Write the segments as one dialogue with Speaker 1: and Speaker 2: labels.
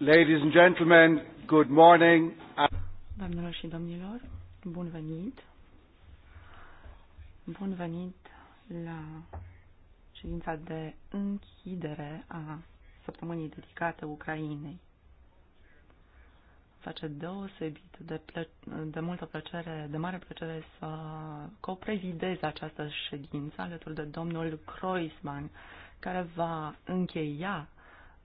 Speaker 1: Ladies and gentlemen, good morning.
Speaker 2: Doamnelor și domnilor, bun venit. Bun venit la ședința de închidere a săptămânii dedicate Ucrainei. Face deosebit de, plă- de multă plăcere, de mare plăcere să coprezidez această ședință alături de domnul Kreuzmann, care va încheia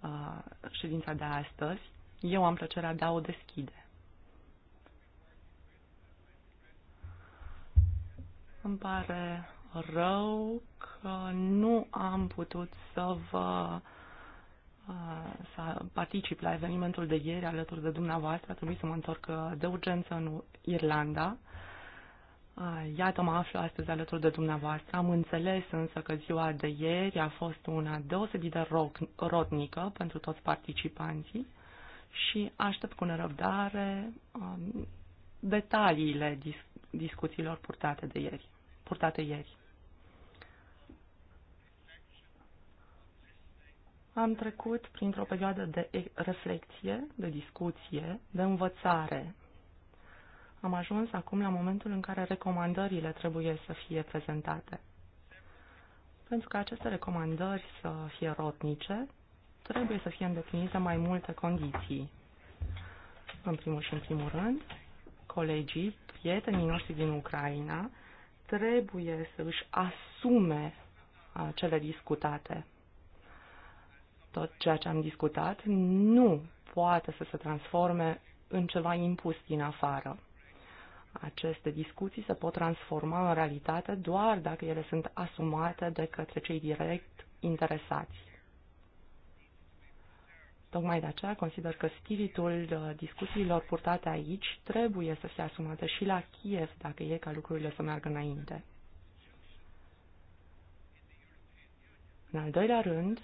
Speaker 2: uh, ședința de astăzi. Eu am plăcerea de a o deschide. Îmi pare rău că nu am putut să vă uh, să particip la evenimentul de ieri alături de dumneavoastră. A trebuit să mă întorc uh, de urgență în Irlanda. Iată, mă aflu astăzi alături de dumneavoastră. Am înțeles însă că ziua de ieri a fost una deosebit de rodnică pentru toți participanții și aștept cu nerăbdare um, detaliile dis- discuțiilor purtate de ieri. Purtate ieri. Am trecut printr-o perioadă de reflexie, de discuție, de învățare am ajuns acum la momentul în care recomandările trebuie să fie prezentate. Pentru că aceste recomandări să fie rotnice, trebuie să fie îndeplinite mai multe condiții. În primul și în primul rând, colegii, prietenii noștri din Ucraina, trebuie să își asume cele discutate. Tot ceea ce am discutat nu poate să se transforme în ceva impus din afară. Aceste discuții se pot transforma în realitate doar dacă ele sunt asumate de către cei direct interesați. Tocmai de aceea consider că spiritul uh, discuțiilor purtate aici trebuie să fie asumată și la Kiev dacă e ca lucrurile să meargă înainte. În al doilea rând,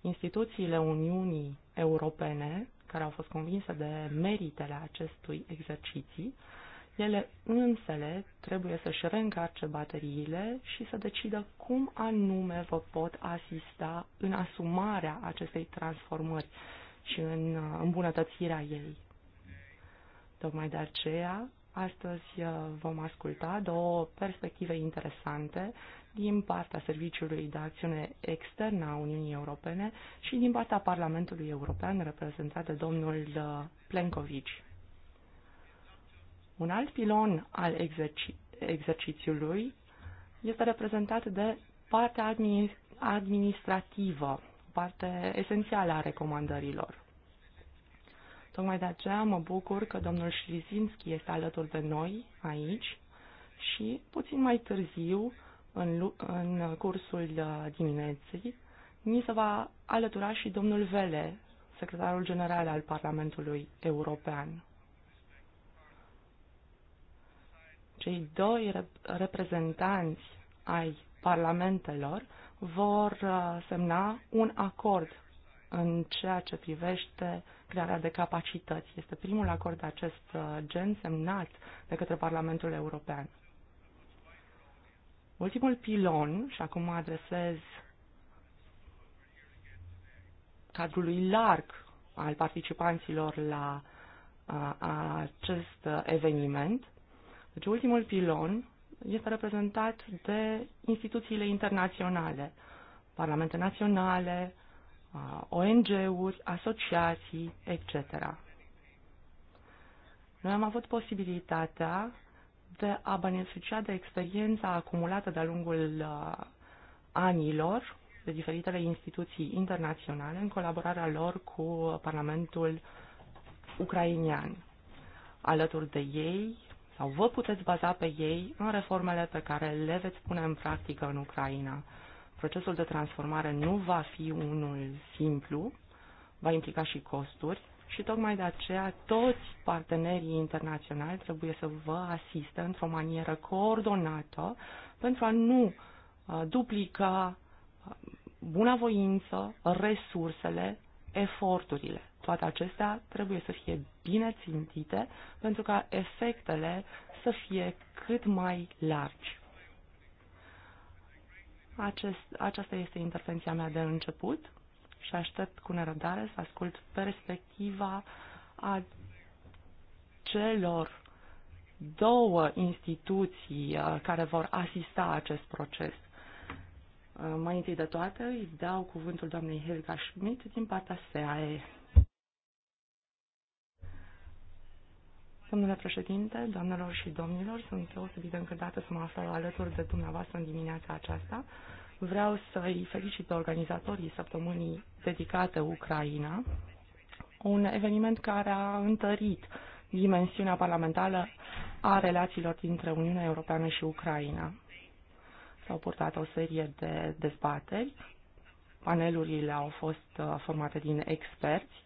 Speaker 2: instituțiile Uniunii Europene, care au fost convinse de meritele acestui exercițiu ele însele trebuie să-și reîncarce bateriile și să decidă cum anume vă pot asista în asumarea acestei transformări și în uh, îmbunătățirea ei. Tocmai de aceea, astăzi uh, vom asculta două perspective interesante din partea Serviciului de Acțiune Externă a Uniunii Europene și din partea Parlamentului European, reprezentat de domnul uh, Plenkovici. Un alt pilon al exerci- exercițiului este reprezentat de partea administrativă, parte esențială a recomandărilor. Tocmai de aceea mă bucur că domnul Șlizinski este alături de noi aici și puțin mai târziu, în, în cursul uh, dimineții, ni se va alătura și domnul Vele, secretarul general al Parlamentului European. cei doi reprezentanți ai parlamentelor vor uh, semna un acord în ceea ce privește crearea de capacități. Este primul acord de acest uh, gen semnat de către Parlamentul European. Ultimul pilon, și acum mă adresez cadrului larg al participanților la uh, acest eveniment, deci ultimul pilon este reprezentat de instituțiile internaționale, parlamente naționale, ONG-uri, asociații, etc. Noi am avut posibilitatea de a beneficia de experiența acumulată de-a lungul anilor de diferitele instituții internaționale în colaborarea lor cu Parlamentul ucrainian. Alături de ei sau vă puteți baza pe ei în reformele pe care le veți pune în practică în Ucraina. Procesul de transformare nu va fi unul simplu, va implica și costuri și tocmai de aceea toți partenerii internaționali trebuie să vă asiste într-o manieră coordonată pentru a nu uh, duplica uh, bunavoință, resursele, eforturile. Toate acestea trebuie să fie bine țintite pentru ca efectele să fie cât mai largi. Acest, aceasta este intervenția mea de început și aștept cu nerăbdare să ascult perspectiva a celor două instituții uh, care vor asista acest proces. Uh, mai întâi de toate îi dau cuvântul doamnei Helga Schmidt din partea SAE. Domnule președinte, doamnelor și domnilor, sunt deosebit de încredată să mă aflu alături de dumneavoastră în dimineața aceasta. Vreau să-i felicit pe organizatorii săptămânii dedicate Ucraina, un eveniment care a întărit dimensiunea parlamentară a relațiilor dintre Uniunea Europeană și Ucraina. S-au purtat o serie de dezbateri, panelurile au fost uh, formate din experți,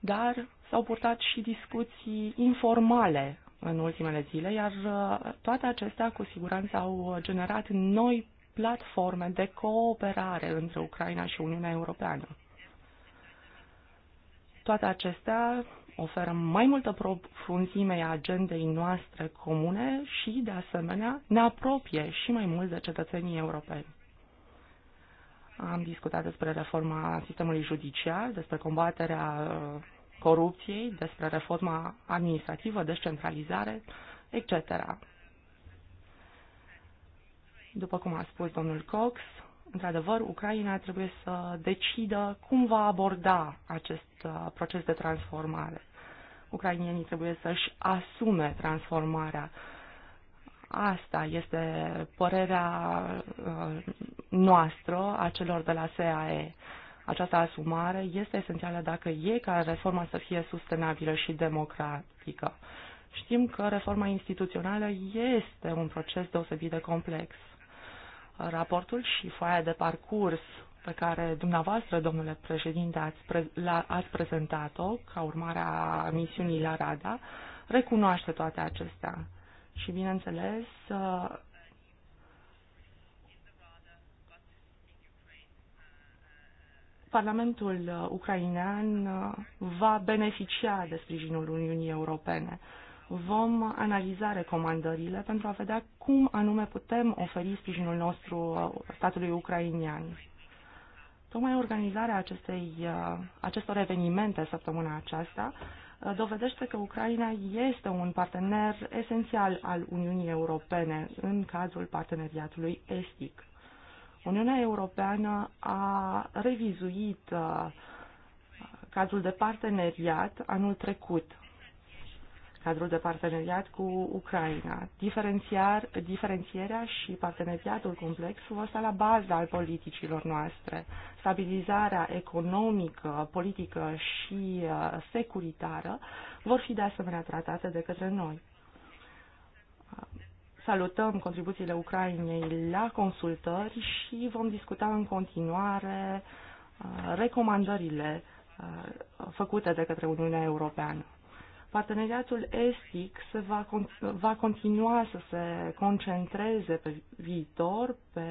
Speaker 2: dar S-au purtat și discuții informale în ultimele zile, iar uh, toate acestea cu siguranță au uh, generat noi platforme de cooperare între Ucraina și Uniunea Europeană. Toate acestea oferă mai multă profunzime a agendei noastre comune și, de asemenea, ne apropie și mai mult de cetățenii europeni. Am discutat despre reforma sistemului judiciar, despre combaterea uh, corupției, despre reforma administrativă, descentralizare, etc. După cum a spus domnul Cox, într-adevăr, Ucraina trebuie să decidă cum va aborda acest uh, proces de transformare. Ucrainienii trebuie să-și asume transformarea. Asta este părerea uh, noastră a celor de la SAE. Această asumare este esențială dacă e ca reforma să fie sustenabilă și democratică. Știm că reforma instituțională este un proces deosebit de complex. Raportul și foaia de parcurs pe care dumneavoastră, domnule președinte, ați, pre- la, ați prezentat-o ca urmare a misiunii la RADA, recunoaște toate acestea. Și, bineînțeles, Parlamentul uh, ucrainean uh, va beneficia de sprijinul Uniunii Europene. Vom analiza recomandările pentru a vedea cum anume putem oferi sprijinul nostru uh, statului ucrainian. Tocmai organizarea acestei, acestor evenimente săptămâna aceasta dovedește că Ucraina este un partener esențial al Uniunii Europene în cazul parteneriatului estic. Uniunea Europeană a revizuit uh, cadrul de parteneriat anul trecut, cadrul de parteneriat cu Ucraina. Diferențiar, diferențierea și parteneriatul complex vor sta la baza al politicilor noastre. Stabilizarea economică, politică și uh, securitară vor fi de asemenea tratate de către noi Salutăm contribuțiile Ucrainei la consultări și vom discuta în continuare uh, recomandările uh, făcute de către Uniunea Europeană. Parteneriatul estic se va, va continua să se concentreze pe viitor, pe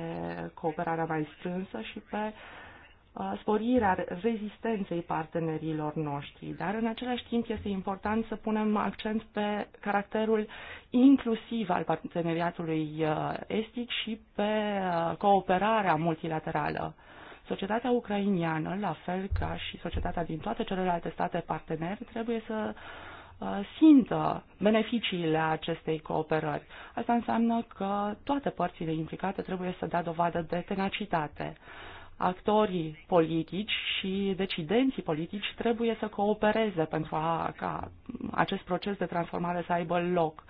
Speaker 2: cooperarea mai strânsă și pe uh, Uh, sporirea rezistenței partenerilor noștri, dar în același timp este important să punem accent pe caracterul inclusiv al parteneriatului uh, estic și pe uh, cooperarea multilaterală. Societatea ucrainiană, la fel ca și societatea din toate celelalte state parteneri, trebuie să simtă beneficiile acestei cooperări. Asta înseamnă că toate părțile implicate trebuie să dea dovadă de tenacitate actorii politici și decidenții politici trebuie să coopereze pentru a, ca acest proces de transformare să aibă loc.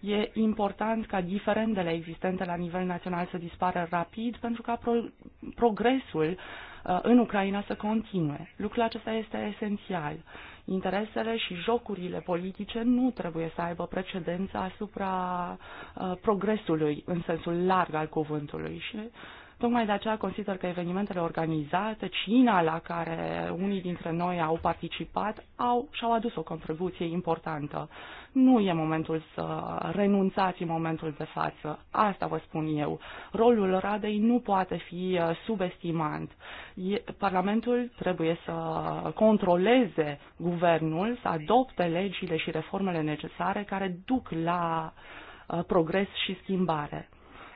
Speaker 2: E important ca diferendele existente la nivel național să dispară rapid pentru ca pro- progresul uh, în Ucraina să continue. Lucrul acesta este esențial. Interesele și jocurile politice nu trebuie să aibă precedența asupra uh, progresului în sensul larg al cuvântului și uh, Tocmai de aceea consider că evenimentele organizate, cina la care unii dintre noi au participat, au, și-au adus o contribuție importantă. Nu e momentul să renunțați în momentul de față. Asta vă spun eu. Rolul Radei nu poate fi uh, subestimant. Parlamentul trebuie să controleze guvernul, să adopte legile și reformele necesare care duc la uh, progres și schimbare.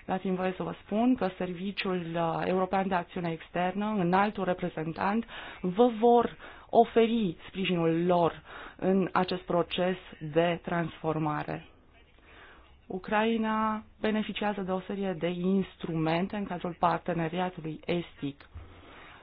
Speaker 2: Dați-mi voie să vă spun că Serviciul uh, European de Acțiune Externă, înaltul reprezentant, vă vor oferi sprijinul lor în acest proces de transformare. Ucraina beneficiază de o serie de instrumente în cadrul parteneriatului estic.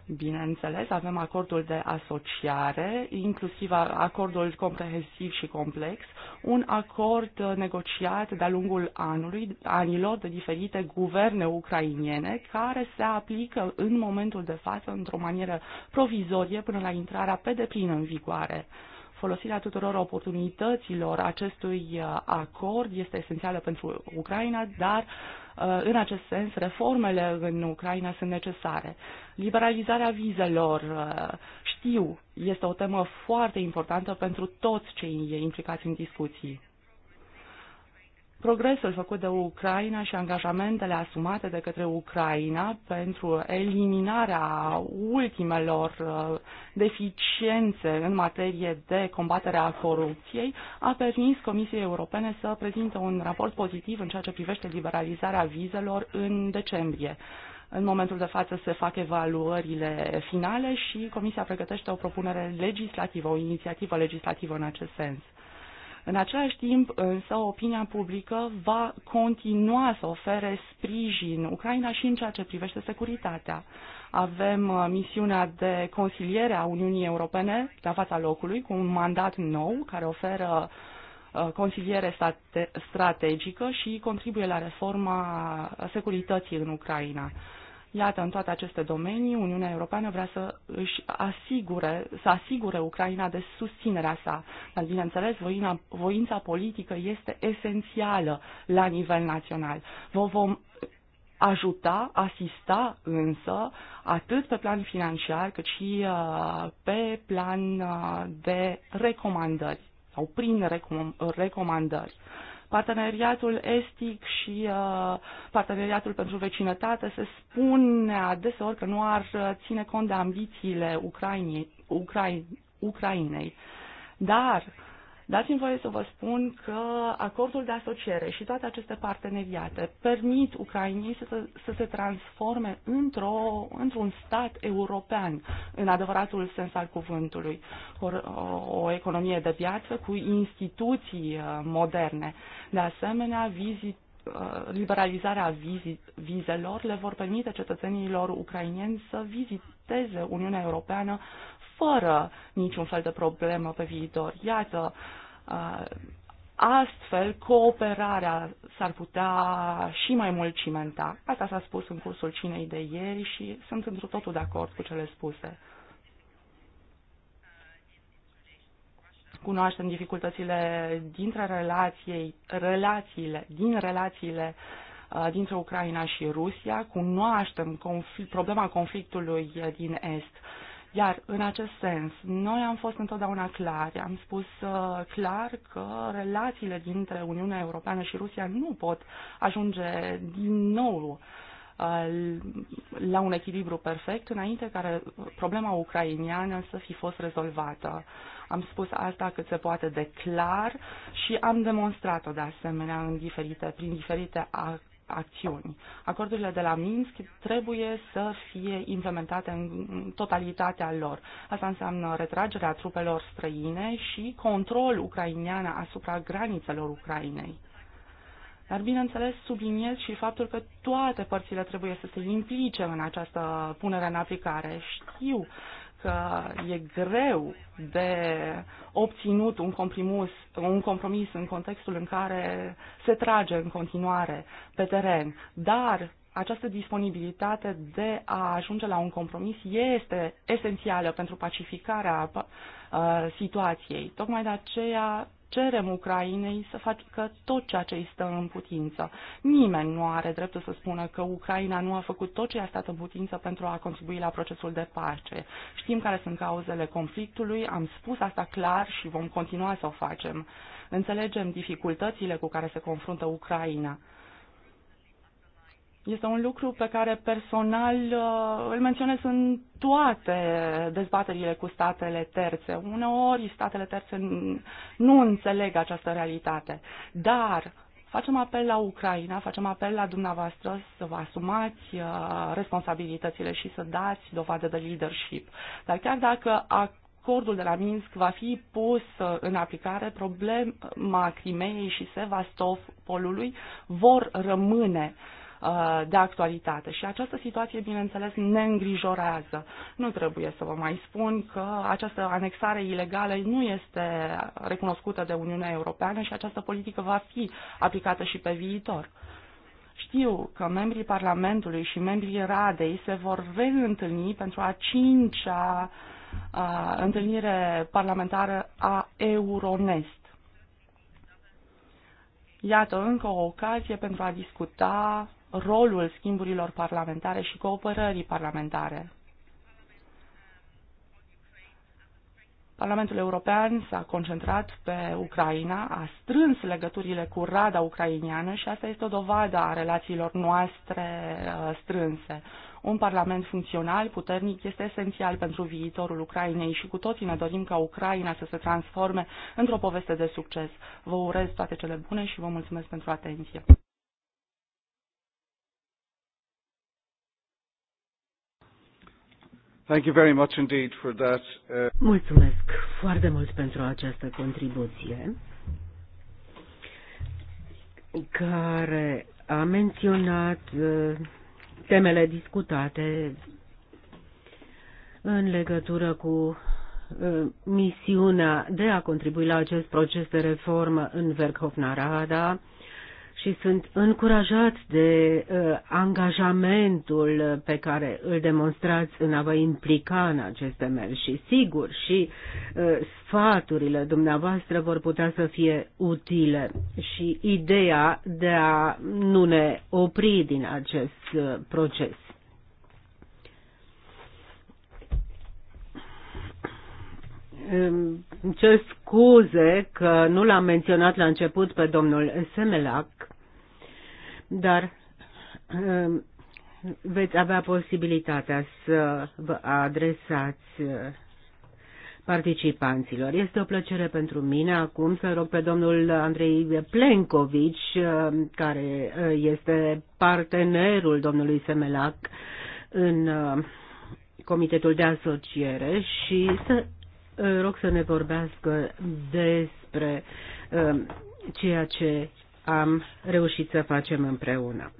Speaker 2: Bineînțeles, avem acordul de asociare, inclusiv acordul comprehensiv și complex, un acord negociat de-a lungul anului, anilor de diferite guverne ucrainiene, care se aplică în momentul de față într-o manieră provizorie până la intrarea pe deplin în vigoare folosirea tuturor oportunităților acestui uh, acord este esențială pentru Ucraina, dar Uh, în acest sens, reformele în Ucraina sunt necesare. Liberalizarea vizelor, uh, știu, este o temă foarte importantă pentru toți cei implicați în discuții progresul făcut de Ucraina și angajamentele asumate de către Ucraina pentru eliminarea ultimelor uh, deficiențe în materie de combatere a corupției a permis Comisiei Europene să prezinte un raport pozitiv în ceea ce privește liberalizarea vizelor în decembrie. În momentul de față se fac evaluările finale și Comisia pregătește o propunere legislativă, o inițiativă legislativă în acest sens. În același timp, însă, opinia publică va continua să ofere sprijin Ucraina și în ceea ce privește securitatea. Avem uh, misiunea de consiliere a Uniunii Europene la fața locului cu un mandat nou care oferă uh, consiliere strategică și contribuie la reforma securității în Ucraina. Iată, în toate aceste domenii, Uniunea Europeană vrea să își asigure, să asigure Ucraina de susținerea sa. Dar, bineînțeles, voina, voința politică este esențială la nivel național. Vă vom ajuta, asista însă, atât pe plan financiar, cât și uh, pe plan uh, de recomandări sau prin recom- recomandări. Uh, Parteneriatul estic și uh, parteneriatul pentru vecinătate se spune adeseori că nu ar uh, ține cont de ambițiile Ucrainei, Ucrainei. Dar uh, Dați-mi voie să vă spun că acordul de asociere și toate aceste parteneriate permit Ucrainei să, să se transforme într-o, într-un stat european, în adevăratul sens al cuvântului, o, o economie de piață cu instituții uh, moderne. De asemenea, vizit uh, liberalizarea vizit, vizelor le vor permite cetățenilor ucrainieni să viziteze Uniunea Europeană fără niciun fel de problemă pe viitor. Iată, uh, astfel cooperarea s-ar putea și mai mult cimenta. Asta s-a spus în cursul cinei de ieri și sunt într totul de acord cu cele spuse. Cunoaștem dificultățile dintre relației, relațiile, din relațiile uh, dintre Ucraina și Rusia, cunoaștem conflict, problema conflictului din Est iar în acest sens, noi am fost întotdeauna clari, am spus uh, clar că relațiile dintre Uniunea Europeană și Rusia nu pot ajunge din nou uh, la un echilibru perfect înainte care problema ucrainiană să fi fost rezolvată. Am spus asta cât se poate de clar și am demonstrat-o de asemenea în diferite, prin diferite act, acțiuni. Acordurile de la Minsk trebuie să fie implementate în totalitatea lor. Asta înseamnă retragerea trupelor străine și control ucrainean asupra granițelor Ucrainei. Dar, bineînțeles, subliniez și faptul că toate părțile trebuie să se implice în această punere în aplicare. Știu că e greu de obținut un compromis, un compromis în contextul în care se trage în continuare pe teren, dar această disponibilitate de a ajunge la un compromis este esențială pentru pacificarea uh, situației. Tocmai de aceea cerem Ucrainei să facă tot ceea ce îi stă în putință. Nimeni nu are dreptul să spună că Ucraina nu a făcut tot ce i-a stat în putință pentru a contribui la procesul de pace. Știm care sunt cauzele conflictului, am spus asta clar și vom continua să o facem. Înțelegem dificultățile cu care se confruntă Ucraina. Este un lucru pe care personal uh, îl menționez în toate dezbaterile cu statele terțe. Uneori statele terțe nu înțeleg această realitate, dar facem apel la Ucraina, facem apel la dumneavoastră să vă asumați uh, responsabilitățile și să dați dovadă de leadership. Dar chiar dacă acordul de la Minsk va fi pus uh, în aplicare, problema Crimeei și Sevastopolului vor rămâne Uh, de actualitate și această situație, bineînțeles, ne îngrijorează. Nu trebuie să vă mai spun că această anexare ilegală nu este recunoscută de Uniunea Europeană și această politică va fi aplicată și pe viitor. Știu că membrii Parlamentului și membrii Radei se vor reîntâlni pentru a cincea a, uh, întâlnire parlamentară a Euronest. Iată încă o ocazie pentru a discuta rolul schimburilor parlamentare și cooperării parlamentare. Parlamentul European s-a concentrat pe Ucraina, a strâns legăturile cu Rada ucrainiană și asta este o dovadă a relațiilor noastre uh, strânse. Un parlament funcțional, puternic, este esențial pentru viitorul Ucrainei și cu toții ne dorim ca Ucraina să se transforme într-o poveste de succes. Vă urez toate cele bune și vă mulțumesc pentru atenție.
Speaker 1: Thank you very much indeed for that. Uh,
Speaker 3: Mulțumesc foarte mult pentru această contribuție care a menționat uh, temele discutate în legătură cu uh, misiunea de a contribui la acest proces de reformă în Verkhovna Rada, și sunt încurajat de uh, angajamentul pe care îl demonstrați în a vă implica în aceste mers și sigur și uh, sfaturile dumneavoastră vor putea să fie utile și ideea de a nu ne opri din acest uh, proces. Îmi cer scuze că nu l-am menționat la început pe domnul Semelac, dar um, veți avea posibilitatea să vă adresați uh, participanților. Este o plăcere pentru mine acum să rog pe domnul Andrei Plencovici, uh, care uh, este partenerul domnului Semelac în Comitetul de Asociere și să rog să ne vorbească despre ceea ce am reușit să facem împreună.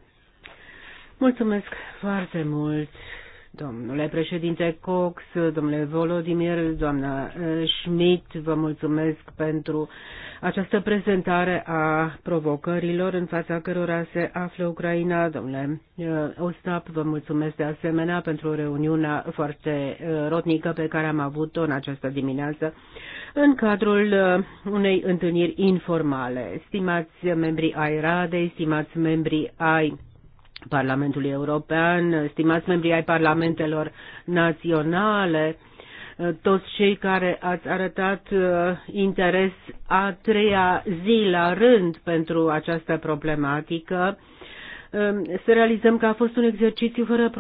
Speaker 3: Mulțumesc foarte mult, domnule președinte Cox, domnule Volodimir, doamna uh, Schmidt, vă mulțumesc pentru această prezentare a provocărilor în fața cărora se află Ucraina. Domnule uh, Ostap, vă mulțumesc de asemenea pentru reuniunea foarte uh, rotnică pe care am avut-o în această dimineață în cadrul uh, unei întâlniri informale. Stimați membrii ai Radei, stimați membrii ai Parlamentului European, stimați membrii ai Parlamentelor naționale, uh, toți cei care ați arătat uh, interes a treia zi la rând pentru această problematică, Ehm, să realizăm că a fost un exercițiu fără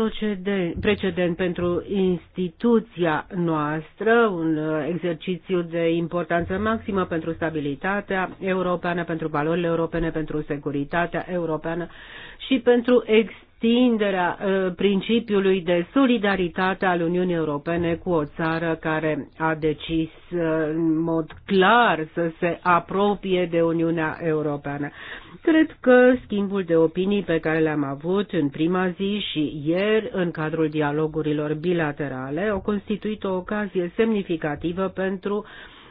Speaker 3: precedent pentru instituția noastră, un uh, exercițiu de importanță maximă pentru stabilitatea europeană, pentru valorile europene, pentru securitatea europeană și pentru extinderea ă, principiului de solidaritate al Uniunii Europene cu o țară care a decis ă, în mod clar să se apropie de Uniunea Europeană. Cred că schimbul de opinii pe care le-am avut în prima zi și ieri în cadrul dialogurilor bilaterale au constituit o ocazie semnificativă pentru uh,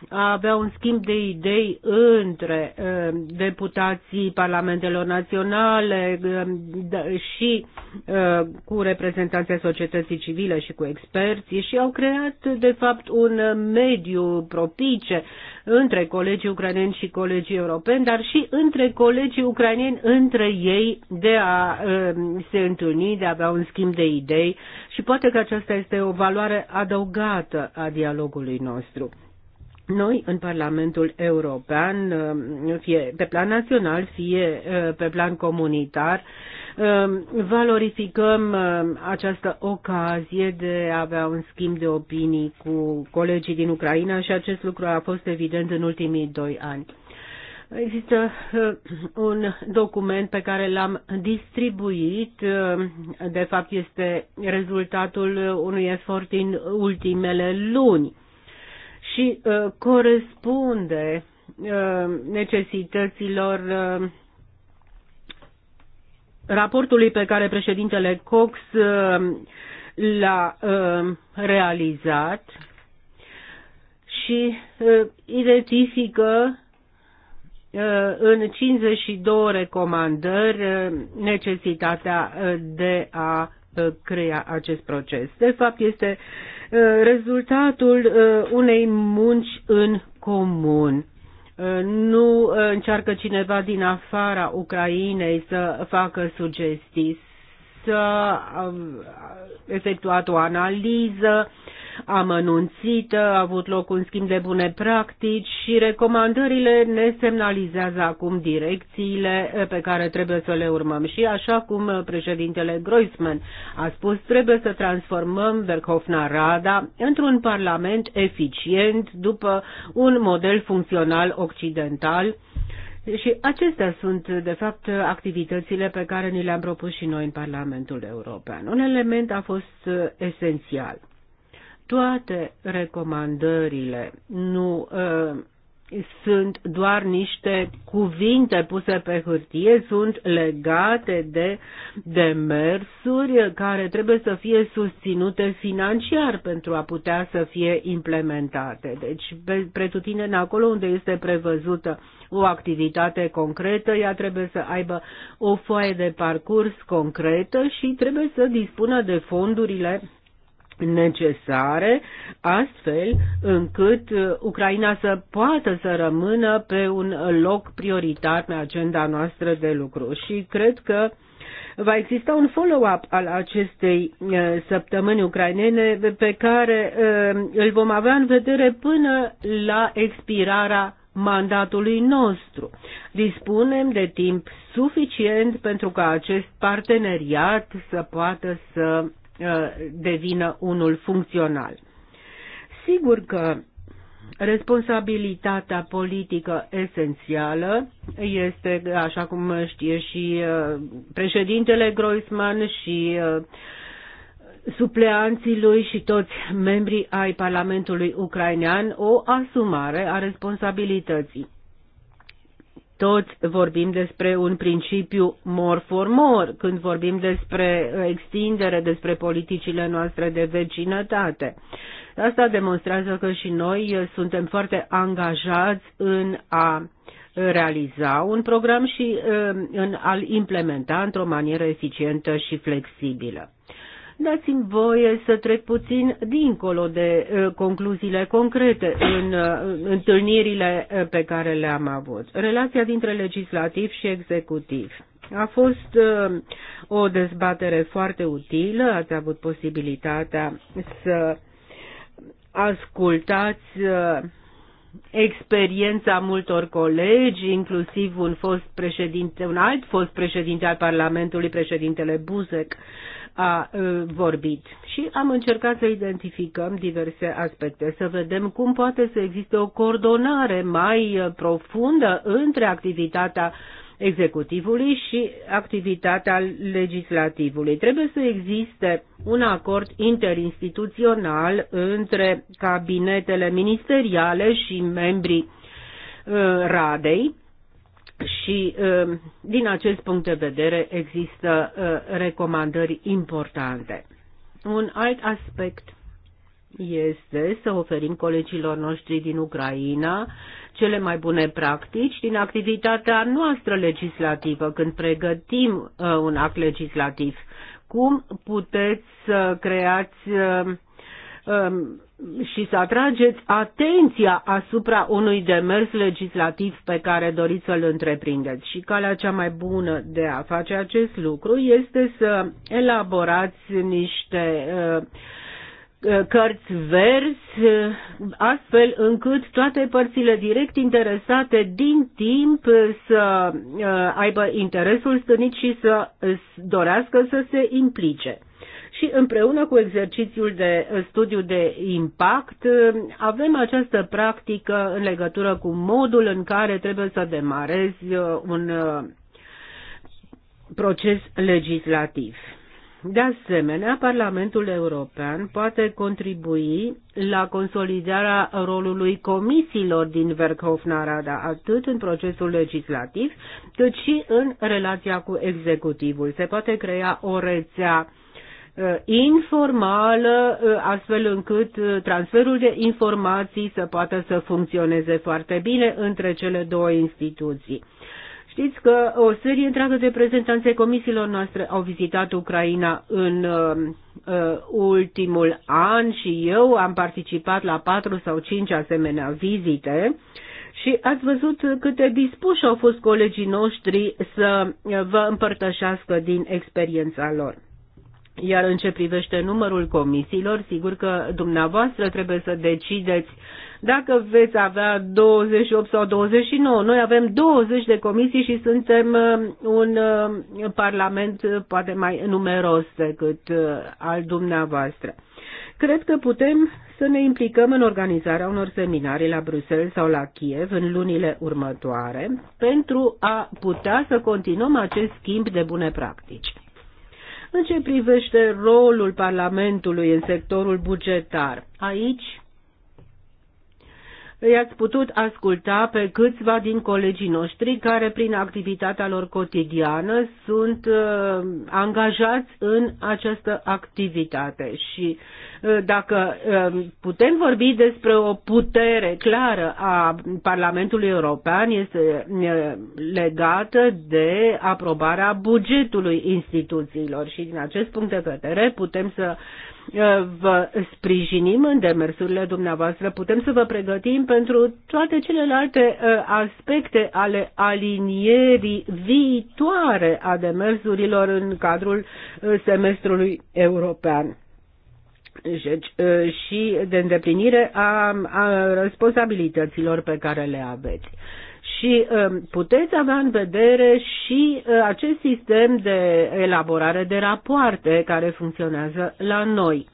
Speaker 3: a avea un schimb de idei între eh, deputații parlamentelor naționale eh, da, și eh, cu reprezentanții societății civile și cu experții și au creat, de fapt, un mediu propice între colegii ucraineni și colegii europeni, dar și între colegii ucraineni între ei de a se întâlni, de a avea un schimb de idei și poate că aceasta este o valoare adăugată a dialogului nostru noi în Parlamentul European, um, fie pe plan național, fie uh, pe plan comunitar, um, valorificăm um, această ocazie de a avea un schimb de opinii cu colegii din Ucraina și acest lucru a fost evident în ultimii doi ani. Există uh, un document pe care l-am distribuit, de fapt este rezultatul unui efort din ultimele luni și uh, corespunde uh, necesităților uh, raportului pe care președintele Cox uh, l-a uh, realizat și uh, identifică uh, în 52 recomandări uh, necesitatea uh, de a crea acest proces. De fapt, este Uh, rezultatul uh, unei munci în comun. Uh, nu încearcă cineva din afara Ucrainei să facă sugestii să efectuat o analiză amănunțită, a avut loc un schimb de bune practici și recomandările ne semnalizează acum direcțiile pe care trebuie să le urmăm. Și așa cum președintele Groisman a spus, trebuie să transformăm Verhofna Rada într-un parlament eficient după un model funcțional occidental și acestea sunt, de fapt, activitățile pe care ni le-am propus și noi în Parlamentul European. Un element a fost uh, esențial. Toate recomandările nu uh, sunt doar niște cuvinte puse pe hârtie, sunt legate de demersuri care trebuie să fie susținute financiar pentru a putea să fie implementate. Deci, pretutindeni acolo unde este prevăzută o activitate concretă, ea trebuie să aibă o foaie de parcurs concretă și trebuie să dispună de fondurile necesare, astfel încât uh, Ucraina să poată să rămână pe un loc prioritar pe agenda noastră de lucru. Și cred că va exista un follow-up al acestei uh, săptămâni ucrainene pe care uh, îl vom avea în vedere până la expirarea mandatului nostru. Dispunem de timp suficient pentru ca acest parteneriat să poată să Uh, devină unul funcțional. Sigur că responsabilitatea politică esențială este, așa cum știe și uh, președintele Groisman și uh, supleanții lui și toți membrii ai Parlamentului ucrainean, o asumare a responsabilității toți vorbim despre un principiu more for more, când vorbim despre extindere, despre politicile noastre de vecinătate. Asta demonstrează că și noi suntem foarte angajați în a realiza un program și uh, în a-l implementa într-o manieră eficientă și flexibilă. Dați-mi voie să trec puțin dincolo de uh, concluziile concrete în uh, întâlnirile uh, pe care le-am avut. Relația dintre legislativ și executiv. A fost o dezbatere foarte utilă, ați avut posibilitatea să ascultați experiența multor colegi, inclusiv un fost președinte, un alt fost președinte al Parlamentului, președintele Buzek, a vorbit și am încercat să identificăm diverse aspecte, să vedem cum poate să existe o coordonare mai profundă între activitatea executivului și activitatea legislativului. Trebuie să existe un acord interinstituțional între cabinetele ministeriale și membrii Radei și um, din acest punct de vedere există uh, recomandări importante. Un alt aspect este să oferim colegilor noștri din Ucraina cele mai bune practici din activitatea noastră legislativă când pregătim uh, un act legislativ. Cum puteți să creați uh, um, și să atrageți atenția asupra unui demers legislativ pe care doriți să-l întreprindeți. Și calea cea mai bună de a face acest lucru este să elaborați niște uh, uh, cărți verzi, uh, astfel încât toate părțile direct interesate din timp să aibă interesul stănit și să dorească să se implice și împreună cu exercițiul de uh, studiu de impact uh, avem această practică în legătură cu modul în care trebuie să demarezi uh, un proces legislativ. De asemenea, Parlamentul European poate contribui la consolidarea rolului comisiilor din Verkhovnarada, atât în procesul legislativ, cât și în relația cu executivul. Se poate crea o rețea Uh, informală, uh, astfel încât uh, transferul de informații să poată să funcționeze foarte bine între cele două instituții. Știți că o serie întreagă de prezentanțe comisiilor noastre au vizitat Ucraina în uh, ultimul an și eu am participat la patru sau cinci asemenea vizite și ați văzut cât de dispuși au fost colegii noștri să vă împărtășească din experiența lor. Iar în ce privește numărul comisiilor, sigur că dumneavoastră trebuie să decideți dacă veți avea 28 sau 29. Noi avem 20 de comisii și suntem uh, un uh, parlament uh, poate mai numeros decât al dumneavoastră. Cred că putem să ne implicăm în organizarea unor seminarii la Bruxelles sau la Kiev în lunile următoare pentru a putea să continuăm acest schimb de bune practici. În ce privește rolul Parlamentului în sectorul bugetar, aici îi ați putut asculta pe câțiva din colegii noștri care prin activitatea lor cotidiană sunt uh, angajați în această activitate și uh, dacă uh, putem vorbi despre o putere clară a Parlamentului European este uh, legată de aprobarea bugetului instituțiilor și din acest punct de vedere putem să Eh, vă sprijinim în demersurile dumneavoastră. Putem să vă pregătim pentru toate celelalte eh, aspecte ale alinierii viitoare a demersurilor în cadrul eh, semestrului european deci, și de îndeplinire a, a responsabilităților pe care le aveți. Și um, puteți avea în vedere și uh, acest sistem de elaborare de rapoarte care funcționează la noi.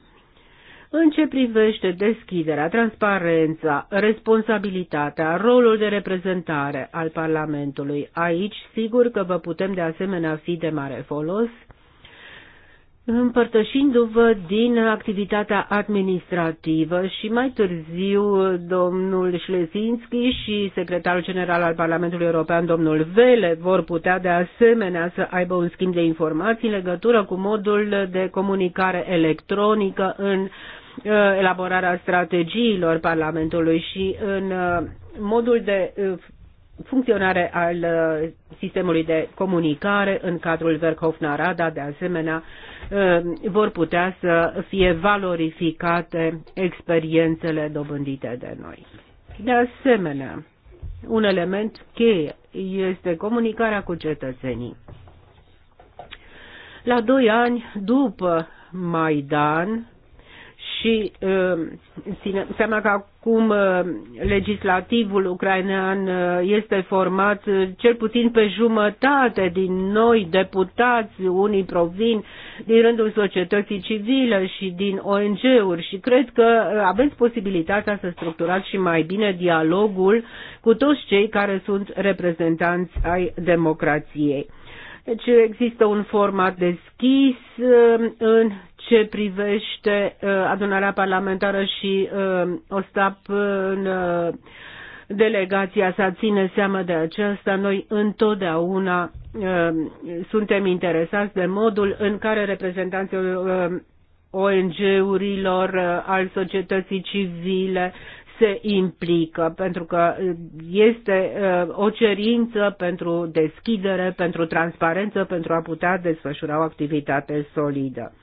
Speaker 3: În ce privește deschiderea, transparența, responsabilitatea, rolul de reprezentare al Parlamentului, aici sigur că vă putem de asemenea fi de mare folos Împărtășindu-vă din activitatea administrativă și mai târziu domnul Șlezinski și secretarul general al Parlamentului European, domnul Vele, vor putea de asemenea să aibă un schimb de informații în legătură cu modul de comunicare electronică în uh, elaborarea strategiilor Parlamentului și în uh, modul de uh, funcționare al uh, sistemului de comunicare în cadrul Verhofnarada Rada, de asemenea, uh, vor putea să fie valorificate experiențele dobândite de noi. De asemenea, un element cheie este comunicarea cu cetățenii. La doi ani după Maidan, și uh, ține seama că acum uh, legislativul ucrainean uh, este format cel puțin pe jumătate din noi deputați, unii provin din rândul societății civile și din ONG-uri și cred că aveți posibilitatea să structurați și mai bine dialogul cu toți cei care sunt reprezentanți ai democrației. Deci există un format deschis în ce privește uh, adunarea parlamentară și uh, stap în uh, delegația să ține seama de aceasta. Noi întotdeauna suntem interesați de modul în care reprezentanții ONG-urilor, al societății civile se implică, pentru că este o cerință pentru deschidere, pentru transparență, pentru a putea desfășura o activitate solidă.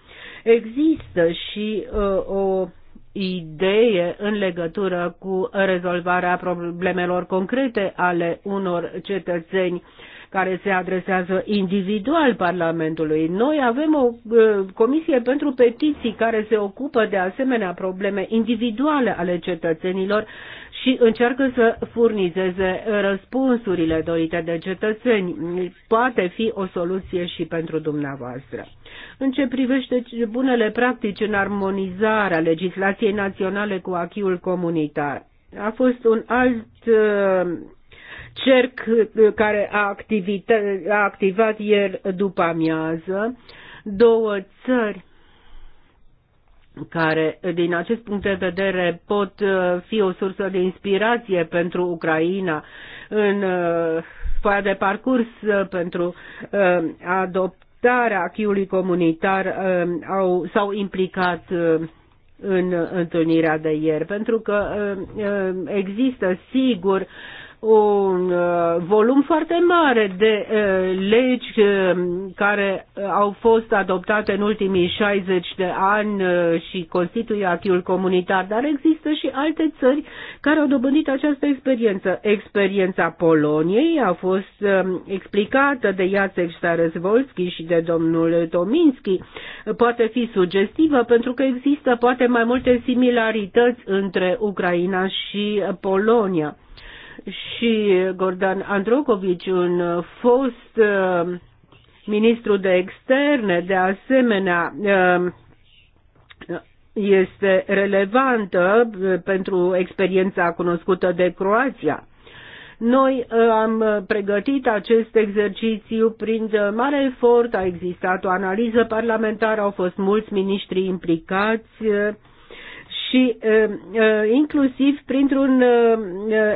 Speaker 3: Există și uh, o idee în legătură cu rezolvarea problemelor concrete ale unor cetățeni care se adresează individual Parlamentului. Noi avem o uh, comisie pentru petiții care se ocupă de asemenea probleme individuale ale cetățenilor și încearcă să furnizeze răspunsurile dorite de cetățeni. Poate fi o soluție și pentru dumneavoastră. În ce privește bunele practici în armonizarea legislației naționale cu achiul comunitar, a fost un alt uh, cerc uh, care a, a activat ieri după amiază, două țări care, din acest punct de vedere, pot uh, fi o sursă de inspirație pentru Ucraina în uh, foaia de parcurs pentru adoptarea acquis comunitar au, s-au implicat în întâlnirea de ieri, pentru că există, sigur, un uh, volum foarte mare de uh, legi uh, care au fost adoptate în ultimii 60 de ani și constituie acquis comunitar, dar există și alte țări care au dobândit această experiență. Experiența Poloniei a fost um, explicată de Jacek Starezvolski și de domnul Tominski. Poate fi sugestivă pentru că există poate mai multe similarități între Ucraina și Polonia și Gordon Androgovici, un fost uh, ministru de externe, de asemenea uh, este relevantă uh, pentru experiența cunoscută de Croația. Noi am pregătit acest exercițiu prin mare efort, a existat o analiză parlamentară, au fost mulți miniștri implicați, și inclusiv printr-un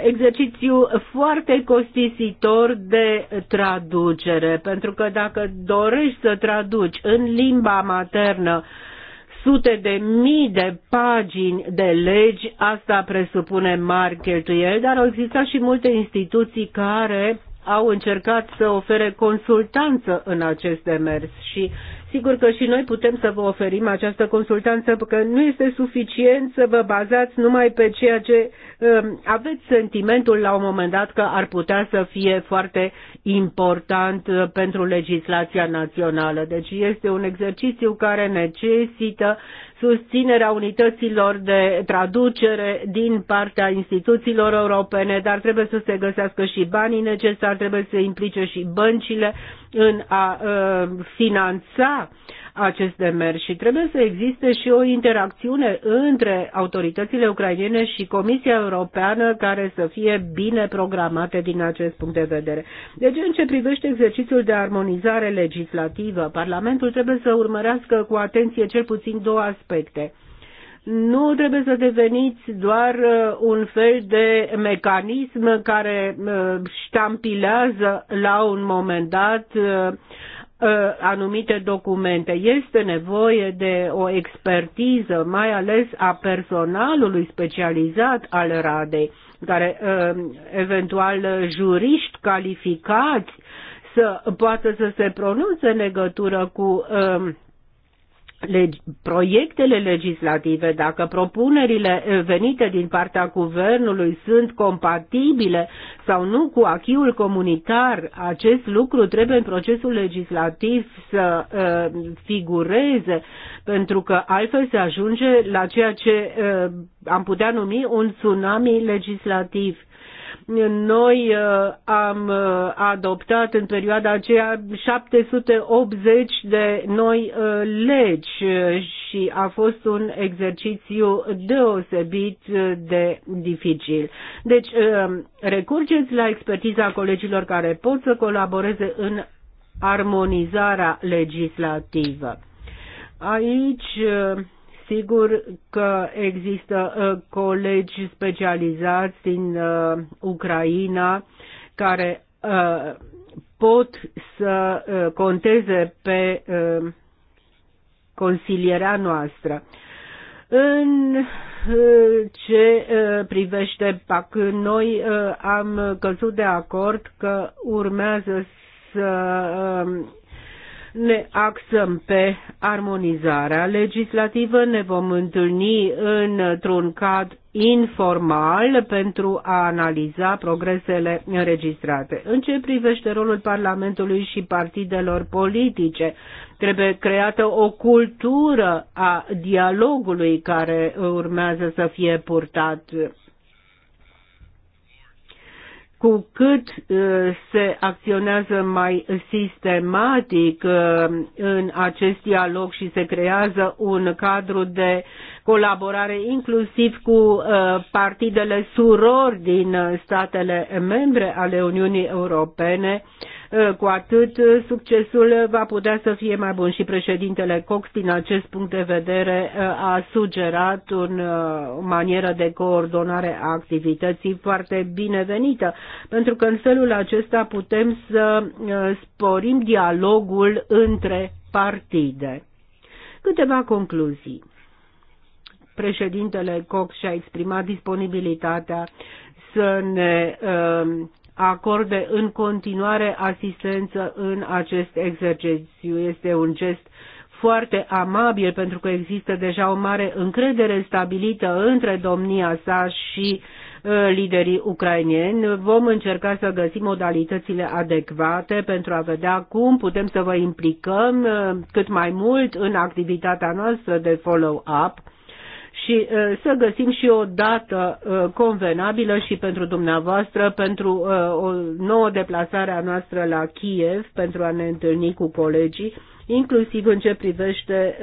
Speaker 3: exercițiu foarte costisitor de traducere, pentru că dacă dorești să traduci în limba maternă sute de mii de pagini de legi, asta presupune mari cheltuieli, dar au existat și multe instituții care au încercat să ofere consultanță în acest demers și Sigur că și noi putem să vă oferim această consultanță, că nu este suficient să vă bazați numai pe ceea ce um, aveți sentimentul la un moment dat că ar putea să fie foarte important uh, pentru legislația națională. Deci este un exercițiu care necesită susținerea unităților de traducere din partea instituțiilor europene, dar trebuie să se găsească și banii necesari, trebuie să se implice și băncile în a uh, finanța uh, acest demers și trebuie să existe și o interacțiune între autoritățile ucrainene și Comisia Europeană care să fie bine programate din acest punct de vedere. Deci, în ce privește exercițiul de armonizare legislativă, Parlamentul trebuie să urmărească cu atenție cel puțin două aspecte nu trebuie să deveniți doar uh, un fel de mecanism care uh, ștampilează la un moment dat uh, Uh, anumite documente. Este nevoie de o expertiză, mai ales a personalului specializat al Radei, care uh, eventual juriști calificați să poată să se pronunțe în legătură cu uh, legi, proiectele legislative, dacă propunerile eh, venite din partea guvernului sunt compatibile sau nu cu achiul comunitar, acest lucru trebuie în procesul legislativ să uh, figureze, pentru că altfel se ajunge la ceea ce uh, am putea numi un tsunami legislativ. Noi uh, am uh, adoptat în perioada aceea 780 de noi uh, legi și a fost un exercițiu deosebit de dificil. Deci, recurgeți la expertiza colegilor care pot să colaboreze în armonizarea legislativă. Aici sigur că există ă, colegi specializați din ă, Ucraina care ă, pot să conteze pe consilierea noastră. În ce privește PAC, noi am căzut de acord că urmează să ne axăm pe armonizarea legislativă, ne vom întâlni într-un cadru informal pentru a analiza progresele înregistrate. În ce privește rolul Parlamentului și partidelor politice, trebuie creată o cultură a dialogului care urmează să fie purtat cu cât uh, se acționează mai sistematic uh, în acest dialog și se creează un cadru de colaborare inclusiv cu uh, partidele surori din statele membre ale Uniunii Europene, Eh, cu atât eh, succesul eh, va putea să fie mai bun. Și președintele Cox, din acest punct de vedere, a sugerat un, o manieră de coordonare a activității foarte binevenită, pentru că în felul acesta putem să sporim dialogul între partide. Câteva concluzii. Președintele Cox și-a exprimat disponibilitatea să ne uh, acorde în continuare asistență în acest exercițiu. Este un gest foarte amabil pentru că există deja o mare încredere stabilită între domnia sa și uh, liderii ucrainieni. Vom încerca să găsim modalitățile adecvate pentru a vedea cum putem să vă implicăm uh, cât mai mult în activitatea noastră de follow-up și uh, să găsim și o dată uh, convenabilă și pentru dumneavoastră, pentru uh, o nouă deplasare a noastră la Kiev, pentru a ne întâlni cu colegii, inclusiv în ce privește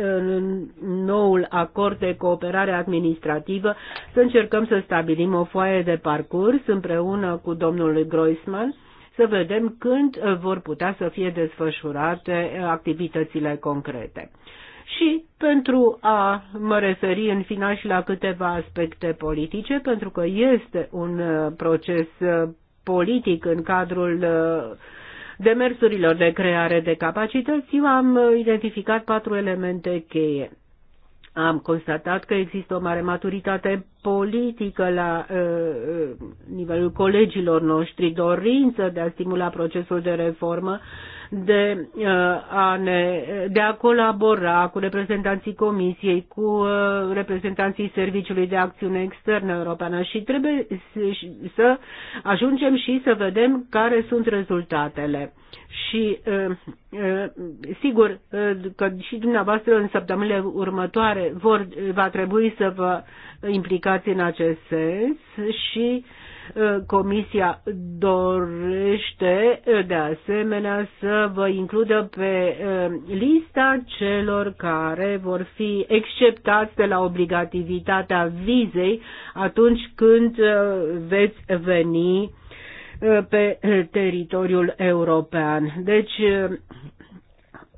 Speaker 3: noul acord de cooperare administrativă, să încercăm să stabilim o foaie de parcurs împreună cu domnul Groisman, să vedem când vor putea să fie desfășurate activitățile concrete și pentru a mă referi în final și la câteva aspecte politice, pentru că este un uh, proces uh, politic în cadrul uh, demersurilor de creare de capacități, eu am identificat patru elemente cheie. Am constatat că există o mare maturitate politică la uh, nivelul colegilor noștri, dorință de a stimula procesul de reformă de uh, a, ne, de a colabora cu reprezentanții Comisiei, cu uh, reprezentanții Serviciului de Acțiune Externă Europeană și trebuie să ajungem și să vedem care sunt rezultatele. Și uh, sigur că și dumneavoastră în săptămânile următoare vor, va trebui să vă implicați în acest sens și Comisia dorește de asemenea să vă includă pe lista celor care vor fi exceptați de la obligativitatea vizei atunci când veți veni pe teritoriul european. Deci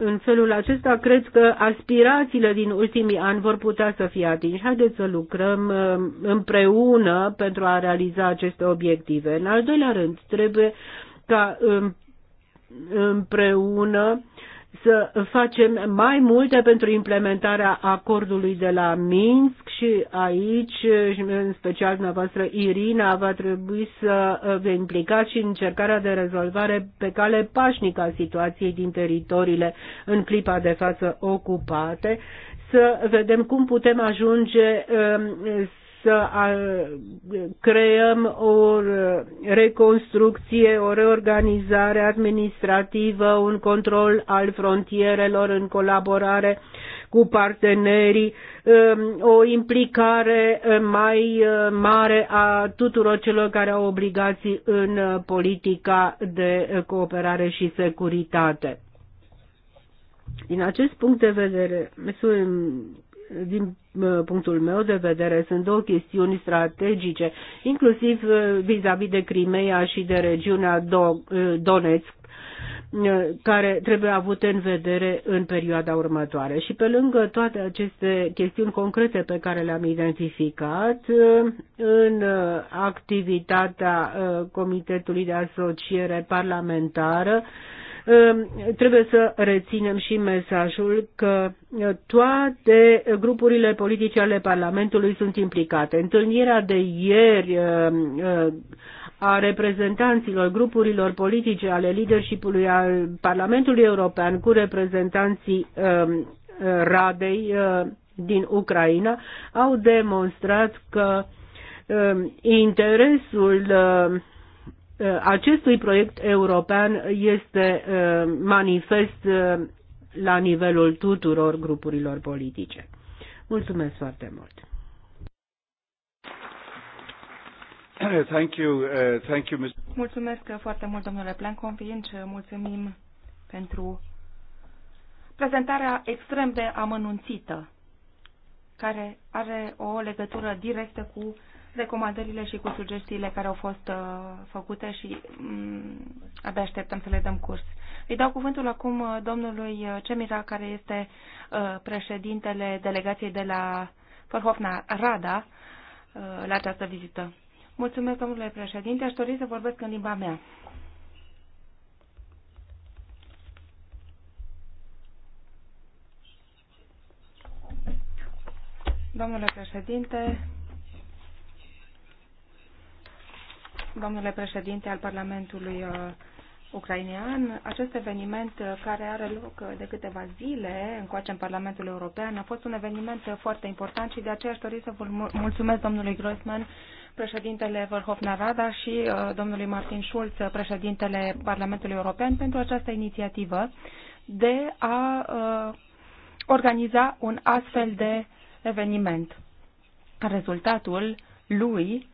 Speaker 3: în felul acesta cred că aspirațiile din ultimii ani vor putea să fie atinși. Haideți să lucrăm uh, împreună pentru a realiza aceste obiective. În al doilea rând, trebuie ca uh, împreună să facem mai multe pentru implementarea acordului de la Minsk și aici, în special dumneavoastră, Irina, va trebui să vă implicați și în încercarea de rezolvare pe cale pașnică a situației din teritoriile în clipa de față ocupate, să vedem cum putem ajunge um, să creăm o reconstrucție, o reorganizare administrativă, un control al frontierelor în colaborare cu partenerii, um, o implicare mai uh, mare a tuturor celor care au obligații în uh, politica de cooperare și securitate. Din acest punct de vedere, din Uh, punctul meu de vedere, sunt două chestiuni strategice, inclusiv uh, vis-a-vis -vis de Crimea și de regiunea uh, Donetsk, care trebuie avute în vedere în perioada următoare. Și pe lângă toate aceste chestiuni concrete pe care le-am identificat, în activitatea Comitetului de Asociere Parlamentară, Ehm, trebuie să reținem și mesajul că toate grupurile politice ale Parlamentului sunt implicate. Întâlnirea de ieri a reprezentanților grupurilor politice ale leadershipului al Parlamentului European cu reprezentanții Radei din Ucraina au demonstrat că interesul Uh, acestui proiect european este uh, manifest uh, la nivelul tuturor grupurilor politice. Mulțumesc foarte mult!
Speaker 1: Thank you, uh, thank you, Mr. Mulțumesc foarte mult, domnule Planconvinci. Mulțumim pentru prezentarea extrem de amănunțită, care are o legătură directă cu recomandările și cu sugestiile care au fost uh, făcute și um, abia așteptăm să le dăm curs. Îi dau cuvântul acum uh, domnului uh, Cemira, care este uh, președintele delegației de la Fărhofna Rada uh, la această vizită. Mulțumesc, domnule președinte. Aș dori să vorbesc în limba mea. Domnule președinte, domnule președinte al Parlamentului uh, ucrainean. Acest eveniment uh, care are loc uh, de câteva zile încoace în Parlamentul European a fost un eveniment foarte important și de aceea aș dori să vă mulțumesc domnului Grossman, președintele Verhof Rada și domnului Martin Schulz, președintele Parlamentului European, pentru această inițiativă de a organiza un astfel de eveniment. Rezultatul lui